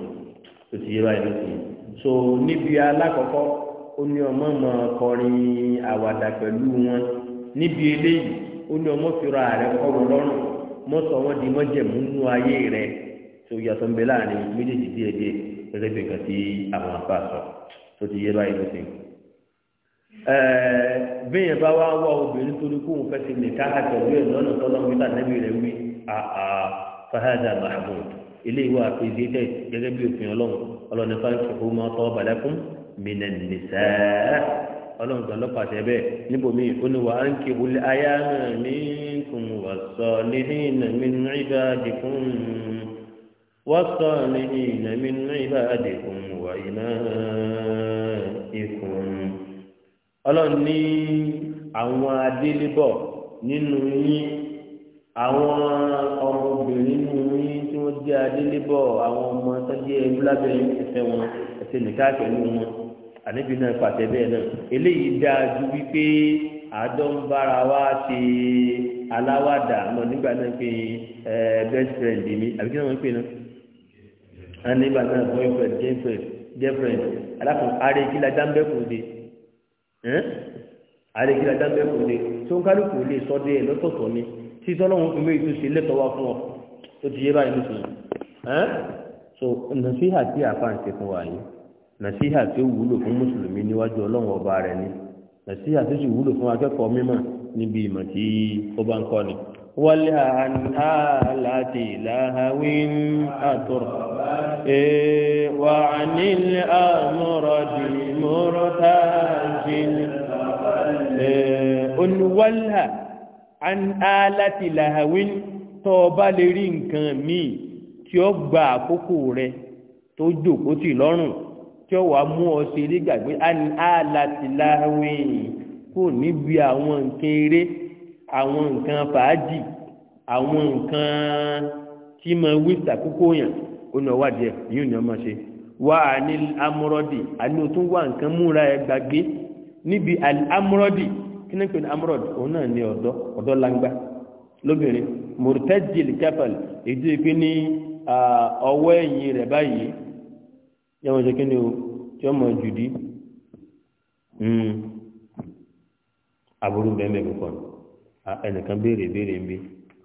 tó ti yé báyìí lókun so níbi alákọ̀ọ́kọ́ ó ní ọmọ mọ kọrin àwàdà pẹ̀lú wọn níbi eléyìí ó ọmọ fìrọ ààrẹ kọrọ lọrùn mọ sọ wọn di mọjẹmú nú ayé rẹ tó yàtọ̀ ń bẹ láàrin méjèèjì díẹ̀ bí nǹkan tí àwọn àbá sọ tó ti yé báyìí lóṣù. bẹ́ẹ̀ bá wá wá obìnrin tó ní kóun fẹ́ lè wí fahadà mahmud bí òfin ọlọ́run kan lọ́pàá tẹ́ bẹ́ẹ̀ níbòmí oníwà á ń ké wọlé ayá náà ní kùn wà sọ níhìn náà mi ní ìbá àdìkún wà sọ níhìn náà mi ìbá àdìkún wà iná ikùn. ọlọ́run ní àwọn adélébọ̀ nínú yín àwọn ọmọbìnrin nínú yín tí wọ́n jẹ́ adélébọ̀ àwọn ọmọ tó jẹ́ ewúlábẹ́rin ẹ̀fẹ́ wọn ẹ̀fẹ́ nìkáàkẹ́ nínú wọn ànábì náà pàṣẹ bẹ́ẹ̀ náà eléyìí dáa ju wípé àádọ́nbára wa ṣe aláwàdà mọ nígbà náà pé ẹ best friend mi àbí kí wọ́n pè náà àníbà náà boyfriend girlfriend girlfriend alákùn àrègílà dáńbẹ́kùn de àrègílà dáńbẹ́kùn de tó ń kálukú lè sọ de ẹ lọ́tọ̀ọ̀tọ̀ ni tí sọlọ́run fún mi ìtúsí lẹ́tọ̀ọ́ wá fún ọ tó ti yé báyìí lóṣù yìí so ǹdọ̀sí àti àfáǹsẹ̀ fún wa yìí nàṣíhà tí ó wúlò fún mùsùlùmí níwájú ọlọ́run ọba rẹ̀ ni nàṣíhà tí ó sì wúlò fún akẹ́kọ̀ọ́ mímọ̀ níbi ìmọ̀ tí ó bá ń kọ́ ni. wálé àná láti láhàwí àtọ̀rọ̀ e, wà nílẹ̀ àmúrọ̀dì múrọ̀tàjì oníwálà e, àná láti láhàwí tó bá lè rí nǹkan míì tí ó gba àkókò rẹ tó jòkó tì lọ́rùn tí ó wàá mú ọ ṣe eré gbàgbé á ní àlàtìláwìn kò níbi àwọn nǹkan eré àwọn nǹkan fàájì àwọn nǹkan tí mo wí sàkókò yàn ó ní ọwádìí ẹ yóò ní ọmọ ṣe wà á ní amúrọ́dì àní o tún wá nǹkan múra ẹ gbàgbé níbi amúrọ́dì kí ni pé amúrọ́dì òun náà ní ọ̀dọ́ ọ̀dọ́ langba lóbìnrin mọ̀tẹ́jìlì kẹfàl èdè pé ní ọwọ́ ẹ̀yìn rẹ̀ báyìí yọ mọ̀ ṣe kí ni o tí ọmọ jùdí hmm. aburú bẹ́ẹ̀ bẹ́ẹ̀ kọ́ ẹnìkan béèrè béèrè ń bí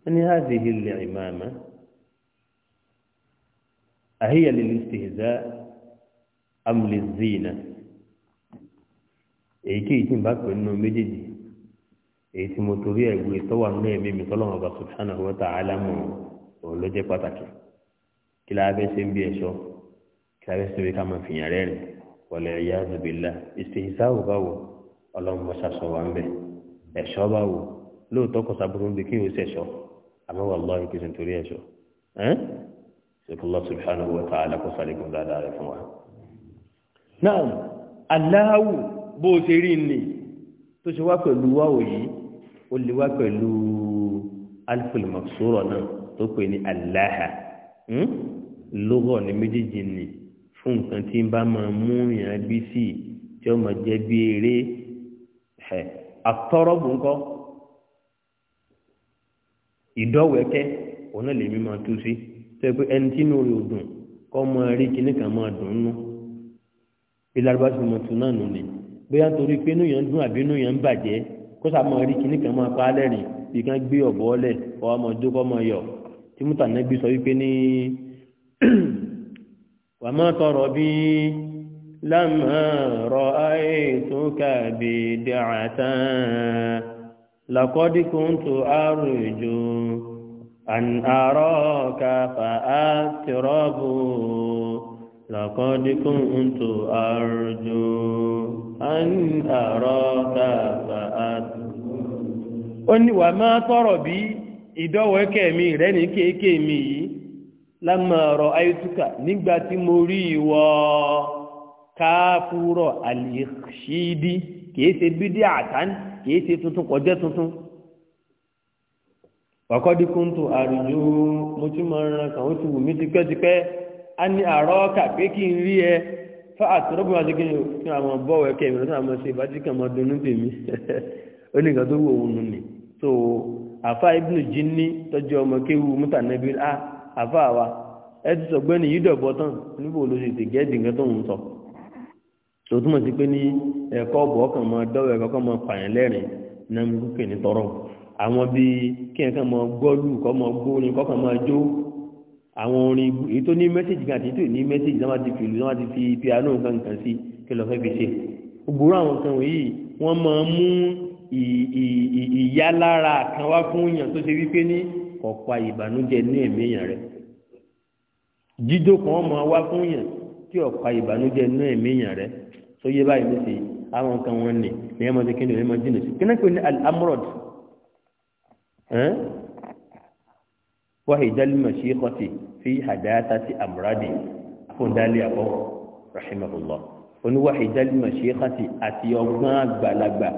ẹni háàzì ilẹ̀ ìmáàmá àhíyà lè lè ṣèhìzá amúlẹ̀ zina èyíkéyìí tí n bá pè nínú méjèèjì èyí tí mo torí ẹ̀wé tọ́wà nínú ẹ̀mí mi tọ́lọ́mọ bá subhanahu wa ta'ala mọ̀ òun ló pàtàkì kí láàbẹ̀ ṣe ń bí ẹ̀ṣọ́ sáré síbi ká máa fìyàn rẹ́rìn wọlé ẹ̀yà àdùbìlà ìsèhìsá ò bá wò ọlọ́run mọ́ṣá sọ wà ń bẹ̀ ẹ̀ṣọ́ bá wò lóòótọ́ kò sábúrú ń bi kí o ṣẹ̀ṣọ́ àmọ́ wà lọ́ọ́ ìpèsè nítorí ẹ̀ṣọ́ ẹ́n sọkúlọ́ subhanahu wa ta'ala kò sáré kó dáadáa rẹ̀ fún wa. náà aláwù bó o ṣe rí ni tó ṣe wá pẹ̀lú wáwò yìí ó lè wá pẹ̀lú alifil maksuro náà tó pè ní aláha hm? lóhùn ní méjèèjì nìyí fún nǹkan tí ń bá máa mú yàn bí sí tí ó máa jẹ bí eré ẹ àtọrọbù ńkọ ìdọwẹkẹ òun náà lèmi máa tú sí tó yẹ pé ẹni tí inú rẹ ò dùn kọ máa rí kinní kan máa dùn nù bí lárúbá ti mọ tún náà nù ni bóyá torí pé inú yẹn dùn àbí inú yẹn ń bàjẹ kó sá máa rí kinní kan máa pa á lẹ́rìn bí kan gbé ọ̀bọ lẹ̀ ọmọ kọ́ máa yọ tí mútà náà bí sọ wípé ní. وما تر بي لما رأيتك بدعة لقد كنت أرجو أن أراك فأترب لقد كنت أرجو أن أراك فأترب ó ní wà máa tọ́rọ̀ bí ìdọ́wọ́ ẹkẹ́ mi rẹ́ ní kéèké mi yìí lámàrọ̀ ayétúkà nígbà tí mo rí ìwọ káfúrọ̀ àlèṣídí kìí bídí àtàn kìí tuntun kọjẹ́ tuntun wàkọ́dí àrùjọ mo tún máa ran kàn ó ti wù a ní àárọ̀ kà pé kí n rí ẹ fún àtúrọ́bù àti kí n àwọn bọ́ọ̀ ẹ̀kẹ́ mi lọ́sàn mo ṣe ìbájú kan mo dunnú tèmi ó ní nǹkan tó wù òun nù ni so àfa ibùdó jí ní tọ́jú ọmọ kéwu a. àfa wa ẹ ti sọ gbẹ́ni yìí dọ̀bọ̀ tán níbo ló ṣe ti gẹ́ẹ̀dì nǹkan tó ń sọ tó túmọ̀ sí pé ní ẹ̀kọ́ ọ̀bọ̀ ọkàn máa dọ́wọ́ ẹ̀kọ́ kan máa pààyàn lẹ́rìn náà mú kókè ní tọrọ àwọn bíi kí ẹ̀kan máa gbọ́lù kọ́ máa gbórin kọ́ kan máa jó àwọn orin èyí tó ní mẹ́sẹ̀jì kan àti èyí tó ní mẹ́sẹ̀jì náà ti fi ìlú náà ti fi piano nǹkan sí kí lọ fẹ́ fi ṣe ògbúrò àwọn kan wọ̀nyí wọ́n máa mú ìyálára kan wá fún yàn tó ṣe wípé ní kọ̀pa ìbànújẹ́ ní ẹ̀mí èèyàn rẹ̀ jíjó kan ọmọ wá fún yàn tí ọ̀pa ìbànújẹ́ ní ẹ̀mí èèyàn rẹ̀ tó yé báyìí ní sí àwọn nǹkan wọn nì ní ẹ̀mọ́ ti kíni ẹ̀mọ́ jìnnà sí kíná pé ní amúrọ̀d wáhì dálímọ̀ sí kọ́tì fi àdáyàtà sí àmúradì fúndálé àbọ̀ rahimahullah oníwáhì dálímọ̀ sí kọ́tì àti ọgbọ́n àgbàlagbà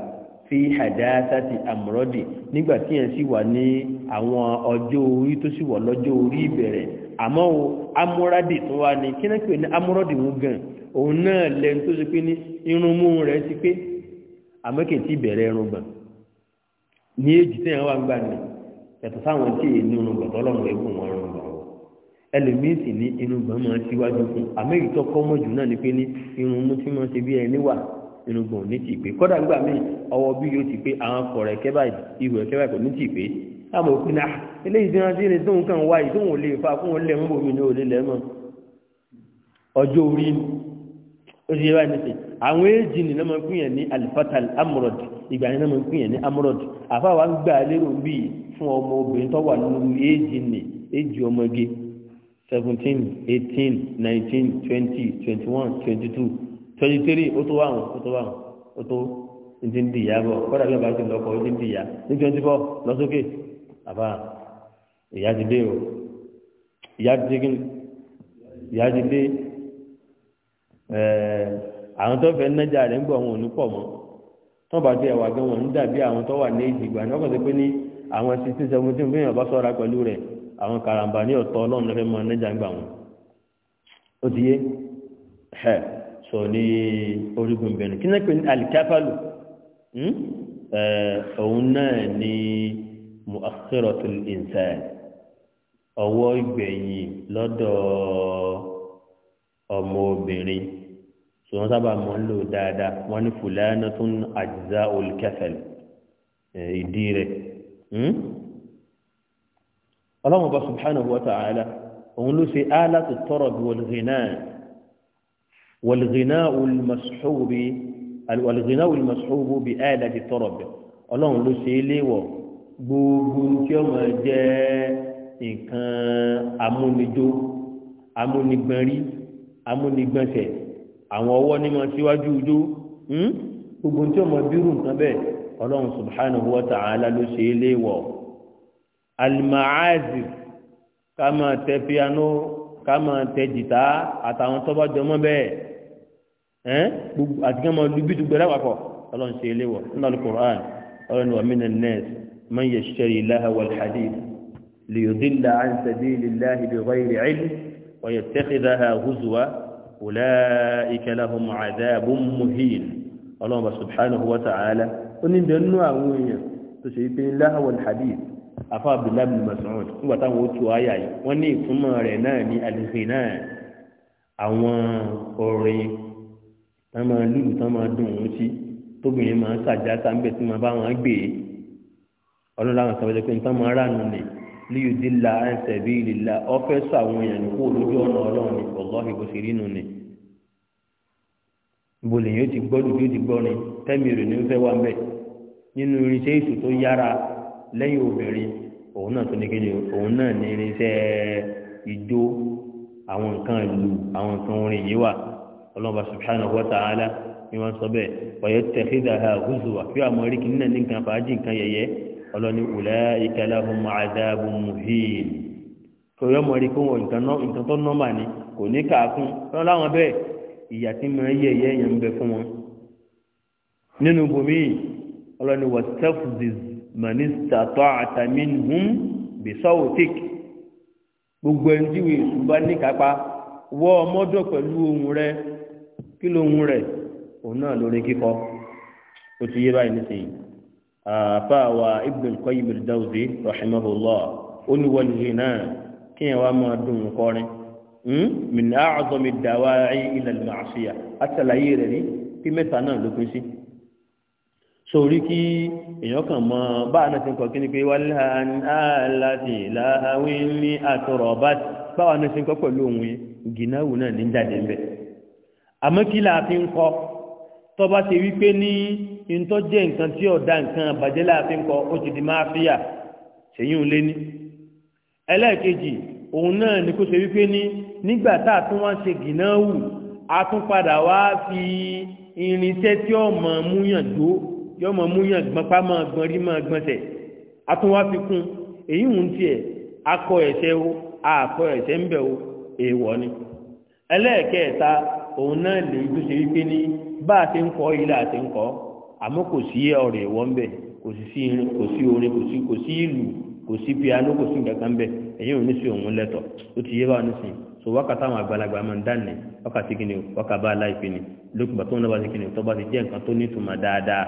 fi hadathati amrodi nígbà tí yẹn sì wà ní àwọn ọjọ́ orí tó sì wà lọ́jọ́ orí ìbẹ̀rẹ̀ àmọ́ o amúrádì tó wá ní kí náà pè ní amúrádì mú gan òun náà lẹ́nu tó ṣe pé ní irunmú rẹ̀ ti pé àmọ́kẹ̀tì ìbẹ̀rẹ̀ irun gbọ̀n ní èjì tí yẹn wà gbà ní yàtọ̀ sáwọn tí èyí ní irun gbọ̀n tọ́lọ́mù ẹ̀kún wọn irun gbọ̀n ẹlòmíín sì ní irun gbọ̀n máa ń síwájú fún àmọ́ ìtọ́kọ́mọ̀jù náà ni pé ní irunmú tí wọ́n ṣe bí ẹni wà irùngbọ̀n ò ní tì pé kọ́dà nígbà míì ọwọ́ bí yóò ti pé àwọn kọ̀rẹ́ kẹ́bà ihò ẹ̀kẹ́bà kò ní tì pé táwọn òpin náà ah, eléyìí tí wọ́n ti ní tóun kàn wáyé tóun ò lè fa fún òun lẹ̀ mọ́bòmí ní òun lè ọjọ́ orí ó ti yẹ báyìí nísìnyí àwọn èjì ni lọ́mọ pínyẹ̀ ní alifatal amrod ìgbà yẹn lọ́mọ pínyẹ̀ ní amrod àfáwa gbà lérò bí fún ọmọ obìnrin tó wà nínú èjì ni èjì ọmọge seventeen eighteen nineteen twenty twenty one twenty two twenty three ó tó wàhùn ó tó wàhùn ó tó ìdí ń di ìyá bọ̀ kọ́dà bí ọba ti lọ́kọ̀ ó ti ń di ìyá ní twenty four lọ sókè àbá ìyá ti dé o ìyá ti dé kíni ìyá ti dé ẹ̀ẹ́ àwọn tó fẹ́ nájà rẹ̀ ń gbọ́ àwọn òní pọ̀ mọ́ tó bá ti ẹ̀wà gan wọn ń dàbí àwọn tó wà ní ìdìgbà ní ọkọ̀ tó pé ní àwọn sixteen seventeen bí èèyàn bá sọ̀ra pẹ̀lú rẹ̀ àwọn karambà ọ̀tọ̀ ọlọ́run lọ́fẹ́ mọ́ nájà ń gbà wọn ó ti yé ẹ̀ sọ ní orígun ìbẹ̀rù kí náà pè ní alikafalu hmm? òun náà ní muakhirotul insan ọwọ́ ìgbẹ̀yìn lọ́dọ̀ ọmọbìnrin tí wọ́n sábà mọ́ ń lò dáadáa wọ́n ní fùlànà tó ń àjíṣà olùkẹfẹ̀lì ìdí rẹ̀ hmm? ọlọ́run bá subhanahu wa ta'ala òun ló ṣe áàlà tó tọrọ bí wọ́n rí náà والغناء المسحوب والغناء المسحوب بآلة الطرب ọlọ́run ló ṣe é léwọ̀ gbogbo tí ọmọ jẹ́ nǹkan amúnijó amúnigbọ̀nrí amúnigbọ̀nsẹ̀ àwọn ọwọ́ ní máa síwájú ijó hmm? gbogbo tí ọmọ bírù nǹkan bẹ́ẹ̀ ọlọ́run subhanahu wa ta'ala ló ṣe é léwọ̀ alimaazi ká máa tẹ piano ká máa tẹ jìtá àtàwọn tọ́bàjọmọ́ bẹ́ẹ̀ ẹ́n gbogbo àti kí wọ́n máa lu bí dùgbẹ́ lápapọ̀ ọlọ́run ṣe ilé wọ̀ nínú alukur'an ọlọ́run wà mí nẹ́ẹ̀s máa ń yẹ ṣiṣẹ́ ìlàhà wà lẹ́hàdì lèyọ̀dínlá àǹtẹ̀dí lèláhì bí wáyé rẹ̀ ẹ̀lú wọ́yẹ tẹ́kìdáhà húzùwà wùlá ìkẹlẹ́hùn àdáàbò muhin ọlọ́run bá subhanahu wa ta'ala ó ní bẹ́ẹ̀ nú àwọn èèyàn tó ṣe pé ìlàhà wà lẹ́hàdì afa abdullahi masoud nígbà táwọn ó tu yìí wọ́n ní ìtumọ̀ rẹ̀ náà ní àdìsí náà àwọn ọ̀rẹ́ wọn máa lùlù tán máa dùn òun sí tóbìnrin máa ń sàjásá ń bẹ̀ tí máa bá wọn gbé e ọlọ́run láwọn sọ pé nǹkan máa rà ni, ní líyùdí la ẹsẹ̀ bíi ìlìlá ọ̀fẹ́ sọ àwọn èèyàn ní kó lójú ọ̀nà ọlọ́run ní ọ̀gọ́ ìbò sí rínú ni ìbò lèyìn ó ti gbọ́ dùdú ti gbọ́ ni tẹ́mi rè ní fẹ́ wà ń bẹ̀ nínú irinṣẹ́ ètò tó yára lẹ́yìn obìnrin òun náà tó ní kéde òun náà ní irinṣẹ́ ijó àwọn nǹkan ìlú àwọn nǹkan orin yìí wà ọlọ́ba subhanahu wa ta'ala ni wọ́n sọ bẹ́ẹ̀ wọ́yẹ tẹ̀síza ha húzùwà fí àwọn oríkì nínà ní nǹkan fàájì nǹkan yẹyẹ ọlọ́ni wùlẹ̀ ìkẹlẹ́hùn àdáàbù muhìn torí ọmọ rí fún nǹkan tó nọ́mà ni kò ní kàákún lọ láwọn bẹ́ẹ̀ ìyà tí mo yẹ ẹyẹ yẹn ń bẹ fún wọn. nínú bòmí ọlọ́ni wà tẹ́fùzìz mọ̀nísítà tó àtàmín hùm bìsọ́wò tíkì gbogbo ẹni tí wèé ṣùgbọ́n ní kápá wọ́ ọmọdọ̀ pẹ̀lú ohun rẹ̀ kí lóhun rẹ̀ òun náà lórí kíkọ́ ó ti yé báyìí nísìnyí àfa wa ibn qayyim al-dawzi rahimahullah ó ní wọ́n ní náà kí yẹn wá máa dùn kọrin hmm? min aacdomi dawaaci ila almacsiya atalaye rẹ̀ ni bí mẹ́ta náà ló pín sí sórí kí èèyàn kàn mọ báà náà ti ń kọ kí pé wàlá aláàtì láhàwí ní àtọrọ bá báwa náà ti ń kọ pẹ̀lú òun gìnnáwó náà ní jáde ń bẹ̀ àmọ́ kí là á fi ń kọ́ tọ́ba ṣe wípé ní ntọ́jẹ́ nǹkan tí ọ̀dà nǹkan àbàjẹ́ là á fi ń kọ́ ó ti di máa fíyà ṣèyí ò lé ní. ẹlẹ́ẹ̀kejì òun náà ni kó ṣe wípé ní nígbà tá a tún wá ń ṣe gìnáwù a tún padà wá fi irinṣẹ́ tí ọmọ múyàn dó yọmọ múyàn gbọ́npá máa gbọ́n rí máa gbọ́nsẹ̀ a tún wá fi kún èyí ń tiẹ̀ akọ ẹ̀ṣẹ́ o àkọ ẹ̀ṣẹ́ ń bẹ̀ o èèwọ̀ ni. ẹlẹ́ẹ̀kẹta òun náà lè tó ṣe wípé ní bá a ti ń kọ́ ilé àti ń kọ́ àmọ́ kò sí ọ̀rọ̀ ìwọ́ ń bẹ̀ kò sí irin kò sí orin kò sí kò sí ìlú kò sí piano kò sí nǹkan kan bẹ̀ ẹ̀yìn òun ní sí òun lẹ́tọ̀ ó ti yé bá wọn nísìnyí so wákàtí àwọn àgbàlagbà máa ń dánì wákàtí kìíní wákà bá aláìpé ni lókùnbà tó ń lọ́ba sí kìíní tó bá ti jẹ́ nǹkan tó nítumọ̀ dáadáa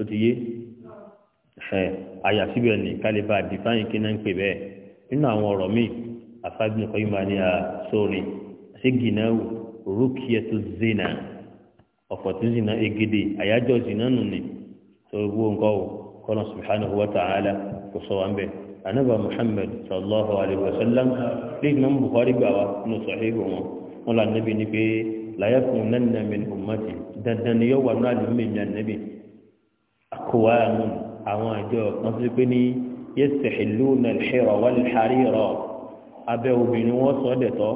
ó ti yé ẹ àyà síbẹ̀ ní kálíbà dìfáyìn kí náà ń pè bẹ́ẹ̀ nínú àwọn ọ̀rọ̀ míì àfáàbí nìkan yìí máa ní a sórin ṣé gìnnáwó rúkìẹ́tù zina ọ̀pọ̀tún zina egede àyájọ́ zina nù ni tó wú nǹkan o kọ́nà subhanahu wa ta'ala kò sọ wa ń bẹ̀ anaba muhammed sallallahu alayhi wa sallam lẹ́yìn mọ́ buhari gbà wá nù sọ̀híhù wọn wọn là níbi ni pé láyàkùn nánà mi ọmọdé dandan ni yóò wà ní àdúgbò mi ànábì àwọn àjọ kan sí pé ní yẹsẹ̀ ìlú nàìjíríà wà lè xarí rọ abẹ́ obìnrin wọn sọ ọ́ dẹ̀tọ́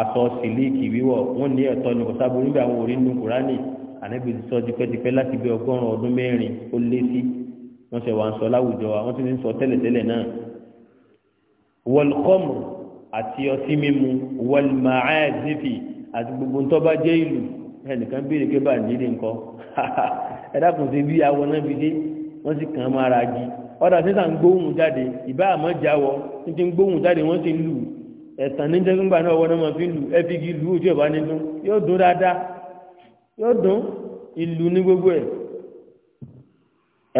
aṣọ siliki wíwọ̀ wọ́n ní ẹ̀tọ́ ní kòtà burú bí àwọn orí nínú kùránì ànábì sọ tipẹ́tipẹ́ láti bí ọgọ́rùn ọdún mẹ́rin ó lé sí wọ́n ṣe wà ń sọ láwùjọ wa wọ́n ti ń sọ tẹ́lẹ̀tẹ́lẹ̀ náà. wọlkọ́mù àti ọtí mímu wọlmàáyàzífì àti gbogbo ń tọ́ba jẹ́ ìlú ẹnìkan béèrè pé báà nílé nǹkan ẹ dákun sí bí awọ náà fi dé wọ́n sì kàn án máa ra jí ọ̀dà sísà gbóhùn jáde ìbá àmọ́ jáwọ́ ní gbóhùn jáde wọ́n sì lù ẹ̀tàn ní jẹ́gbẹ́gbà náà wọ́n náà fi lù ẹ́fígi lù ojú ẹ̀bá nínú yóò dún dáadáa yóò dún ìlú ní gbogbo ẹ̀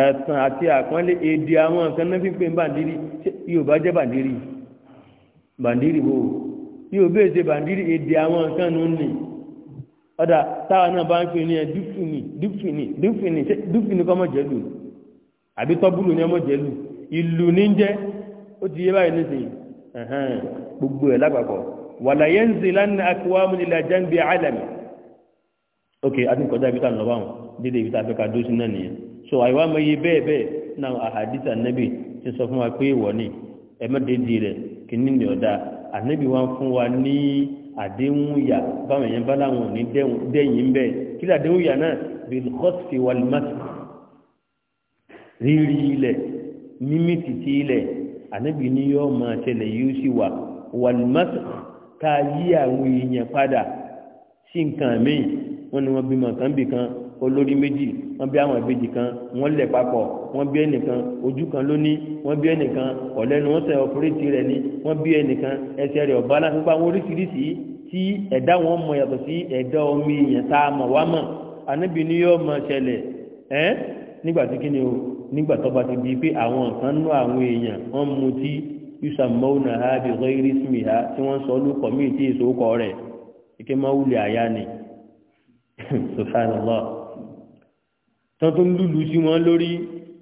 ẹ̀tàn àti àpọ́nlé èdè àwọn nǹkan náà fi pé bàndírì yorùbá jẹ́ bàndírì bàndírì wo yorùbá èdè bàndírì èdè àwọn nǹkan nù nì ọ̀dà táwa náà bá ń pè ní ẹ dúfìnì dúfìnì dúfìnì dúfìnì kọ́ mọ̀ àbí tọ́bùlù ni ọmọ gbogbo ẹ̀ lápapọ̀ wàlà yẹn ń zi lánàá akiwamu nílẹ̀ jẹ́ǹbi alẹ́mi ok a ti ń kọjá ibi tá a lọ báwọn dédé ibi tá a fẹ́ ká dó náà nìyẹn so àyíwá mọ iye bẹ́ẹ̀ bẹ́ẹ̀ náà àhàdìsí ànábì ti sọ fún wa pé ìwọ ni ẹ má dédé rẹ kìíní ni ọ̀dà ànábì wa ń fún wa ní àdéhùn yà báwọn èèyàn bá láwọn ò dẹ́yìn bẹ́ẹ̀ kí lè àdéhùn yà náà bil hosfi wal rírí ilẹ̀ mímítì ànábì ní yóò máa ṣẹlẹ̀ yóò sì wà wàlmásì ká yí àwọn èèyàn padà sí nǹkan míì wọn ni wọn bímọ kan bì kan olórí méjì wọn bí àwọn ìbejì kan wọn lẹ papọ wọn bí ẹnìkan ojú kan ló ní wọn bí ẹnìkan ọlẹnu wọn sẹ ọpọlẹtì rẹ ní wọn bí ẹnìkan ẹsẹ rẹ ọba aláǹfẹ gba wọn oríṣiríṣi tí ẹdá wọn mọ yàtọ sí ẹdá omi èèyàn tá a mọ wá mọ ànábì ní yóò máa ṣẹlẹ̀ ẹ nígbà tí kíni o nígbà tó bá ti di pé àwọn nǹkan nú àwọn èèyàn wọ́n mu tí yusamọ́nà ha bí rẹ́rí sími ha tí wọ́n sọ lóko míì tí èso kọ rẹ̀ ike máa wulẹ̀ àyà ni subhanallah tó tún lùlù sí wọn lórí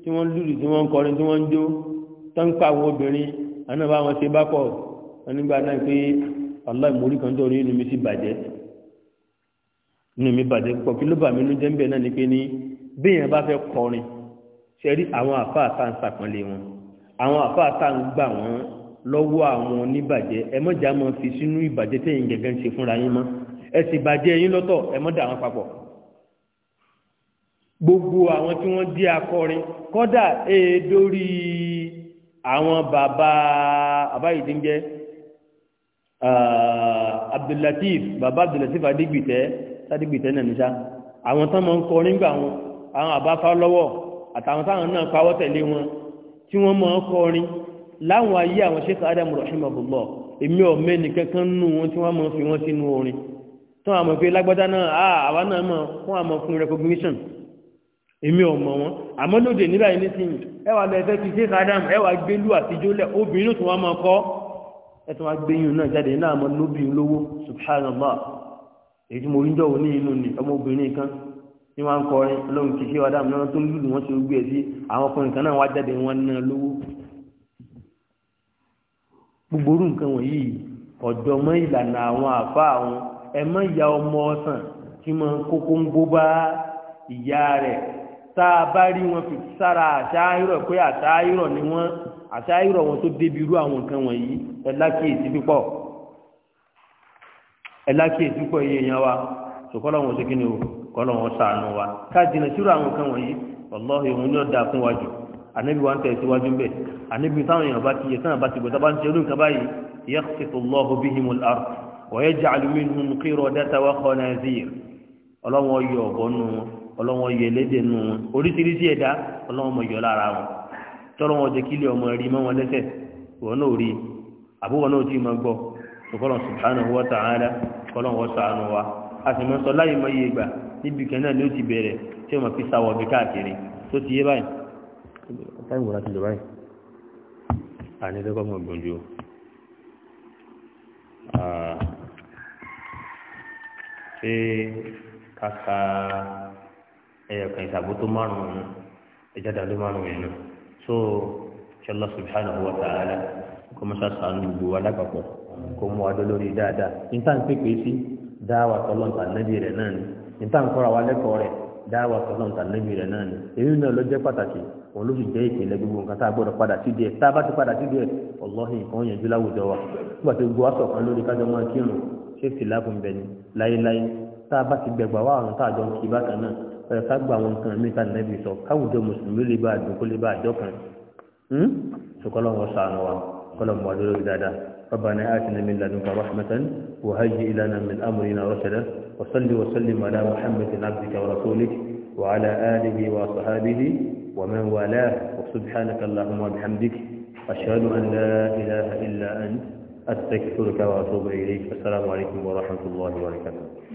tí wọ́n lùlù tí wọ́n kọrin tí wọ́n ń jó tó ń pa àwọn obìnrin àná bá wọn ṣe bá pọ̀ wọn nígbà náà pé aláì mórí kan tó rí inú mi sí bàjẹ́ inú mi bàjẹ́ pọ̀ kí ló bà mí ló jẹ́ ń bẹ̀ náà ni pé ní béèyàn bá fẹ́ kọrin ṣẹ́rí àwọn àfáà tá ń sàpọ́nlé wọn àwọn àfáà tá ń gbà wọ́n lọ́wọ́ àwọn oníbàjẹ́ ẹ mọ́jà mọ́ fi sínú ìbàjẹ́ tẹ̀yìn gẹ̀gẹ́ ń ṣe fúnra yín mọ́ ẹ sì bàjẹ́ yín lọ́tọ̀ ẹ mọ́dà wọn papọ̀ gbogbo àwọn tí wọ́n di akọrin kọ́dà èèdórí àwọn bàbá àbáyédéńjẹ́ abdulateef bàbá ah, abdulateef adigbite sadigbite nàníṣà àwọn tán máa ń kọrin gbà wọn àwọn àbáfá lọ́wọ́ àtàwọn táwọn náà pawọ́ tẹ̀lé wọn tí wọ́n mọ̀ ọ́ kọrin láwọn ayé àwọn sheikh adam rahim abdullah èmi ò mẹ́ni kankan nù wọn tí wọ́n mọ̀ fi wọ́n sínú orin tí wọ́n mọ̀ pé lágbádá náà ah àwa náà mọ̀ fún àmọ̀ fún recognition èmi ò mọ̀ wọn àmọ́ lóde nígbà yìí nísìnyí ẹ wà lẹ́fẹ́ fi sheikh adam ẹ wà gbélú àtijọ́ lẹ̀ obìnrin ló tún wọ́n mọ̀ kọ́ ẹ tún wá gbéyìn náà jáde náà mọ̀ lóbìnrin lówó subhanallah èyí tí mo rí jọ̀wọ́ ní ní wọn kọrin lóhun kìí ṣe ọdá mìíràn tó ń lùlù wọn ṣe gbé sí àwọn ọkùnrin kan náà wá jáde wọn náà lówó gbogbo orú nǹkan wọ̀nyí ọ̀dọ́ mọ́ ìlànà àwọn àfa àwọn ẹ mọ́ ìyá ọmọ ọ̀sán tí mọ́ kókó ń gbó bá ìyá rẹ̀ tá a bá rí wọn fi sára àṣáírọ̀ pé àṣáírọ̀ ni wọ́n àṣáírọ̀ wọn tó débi irú àwọn nǹkan wọ̀nyí ẹ lákìyèsí púpọ̀ ẹ lákìyèsí púpọ̀ iye yẹn wa ṣùkọ́ làwọn ṣe kí ni o. kọ́lọ̀ wọn sànù wa ká jìnnà sírò àwọn kan wọ̀nyí ọlọ́hì òun ni ó da fún wájú ànábi wa ń tẹ̀síwájú ń bẹ̀ ànábi táwọn èèyàn bá ti yẹ táwọn bá ti gbọ́dọ̀ bá ń ṣe olú nǹkan báyìí yẹ́kṣẹ̀tò lọ́hù bí himu ar wọ́yẹ́ jàlú mi nù kírọ̀ dẹ́ta wá kọ́ náà zíir ọlọ́wọ́n yọ ọ̀bọ nù ọlọ́wọ́n yọ nù oríṣiríṣi ẹ̀dá ọlọ́wọ́n mọ̀ yọ lára wọn níbi kan náà ni ó ti bẹ̀rẹ̀ tí wọ́n fi sáwọ̀ bí káàkiri tó ti yé báyìí táìmù láti lè báyìí àní lẹ́kọ́ mọ̀ gbọ̀njú ṣé kàkà ẹ̀yọ̀kan ìṣàbò so ṣọlá subhanahu wa ta'ala kó mọ́ sàánú gbogbo alápapọ̀ kó mọ́ adó lórí dáadáa níta ń pèpè sí dáwà tọ́lọ́ǹtà náà ni níta ń wa lẹ́kọ̀ọ́ rẹ̀ dáwà sọ́dọ̀ níta lẹ́bi rẹ̀ náà ni èyí náà ló jẹ́ pàtàkì òun ló sì jẹ́ ìpìlẹ̀ gbogbo nǹkan tá a gbọ́dọ̀ padà sí díẹ̀ tá a bá ti padà sí díẹ̀ ọlọ́hìn yẹn láwùjọ wa nígbà tó gbọ́ aṣọ kan lórí kájọ máa kírun ṣé fìlà fún bẹ́ẹ̀ ni láéláé tá a bá ti gbẹgbà wá àrùn tá a jọ ń kí bákan náà ọ̀rẹ́ ká gba àwọn nǹkan ربنا آتنا من لدنك رحمة وهيئ لنا من أمرنا رشدا وصل وسلم على محمد عبدك ورسولك وعلى آله وصحابه ومن والاه وسبحانك اللهم وبحمدك أشهد أن لا إله إلا أنت أستغفرك وأتوب إليك السلام عليكم ورحمة الله وبركاته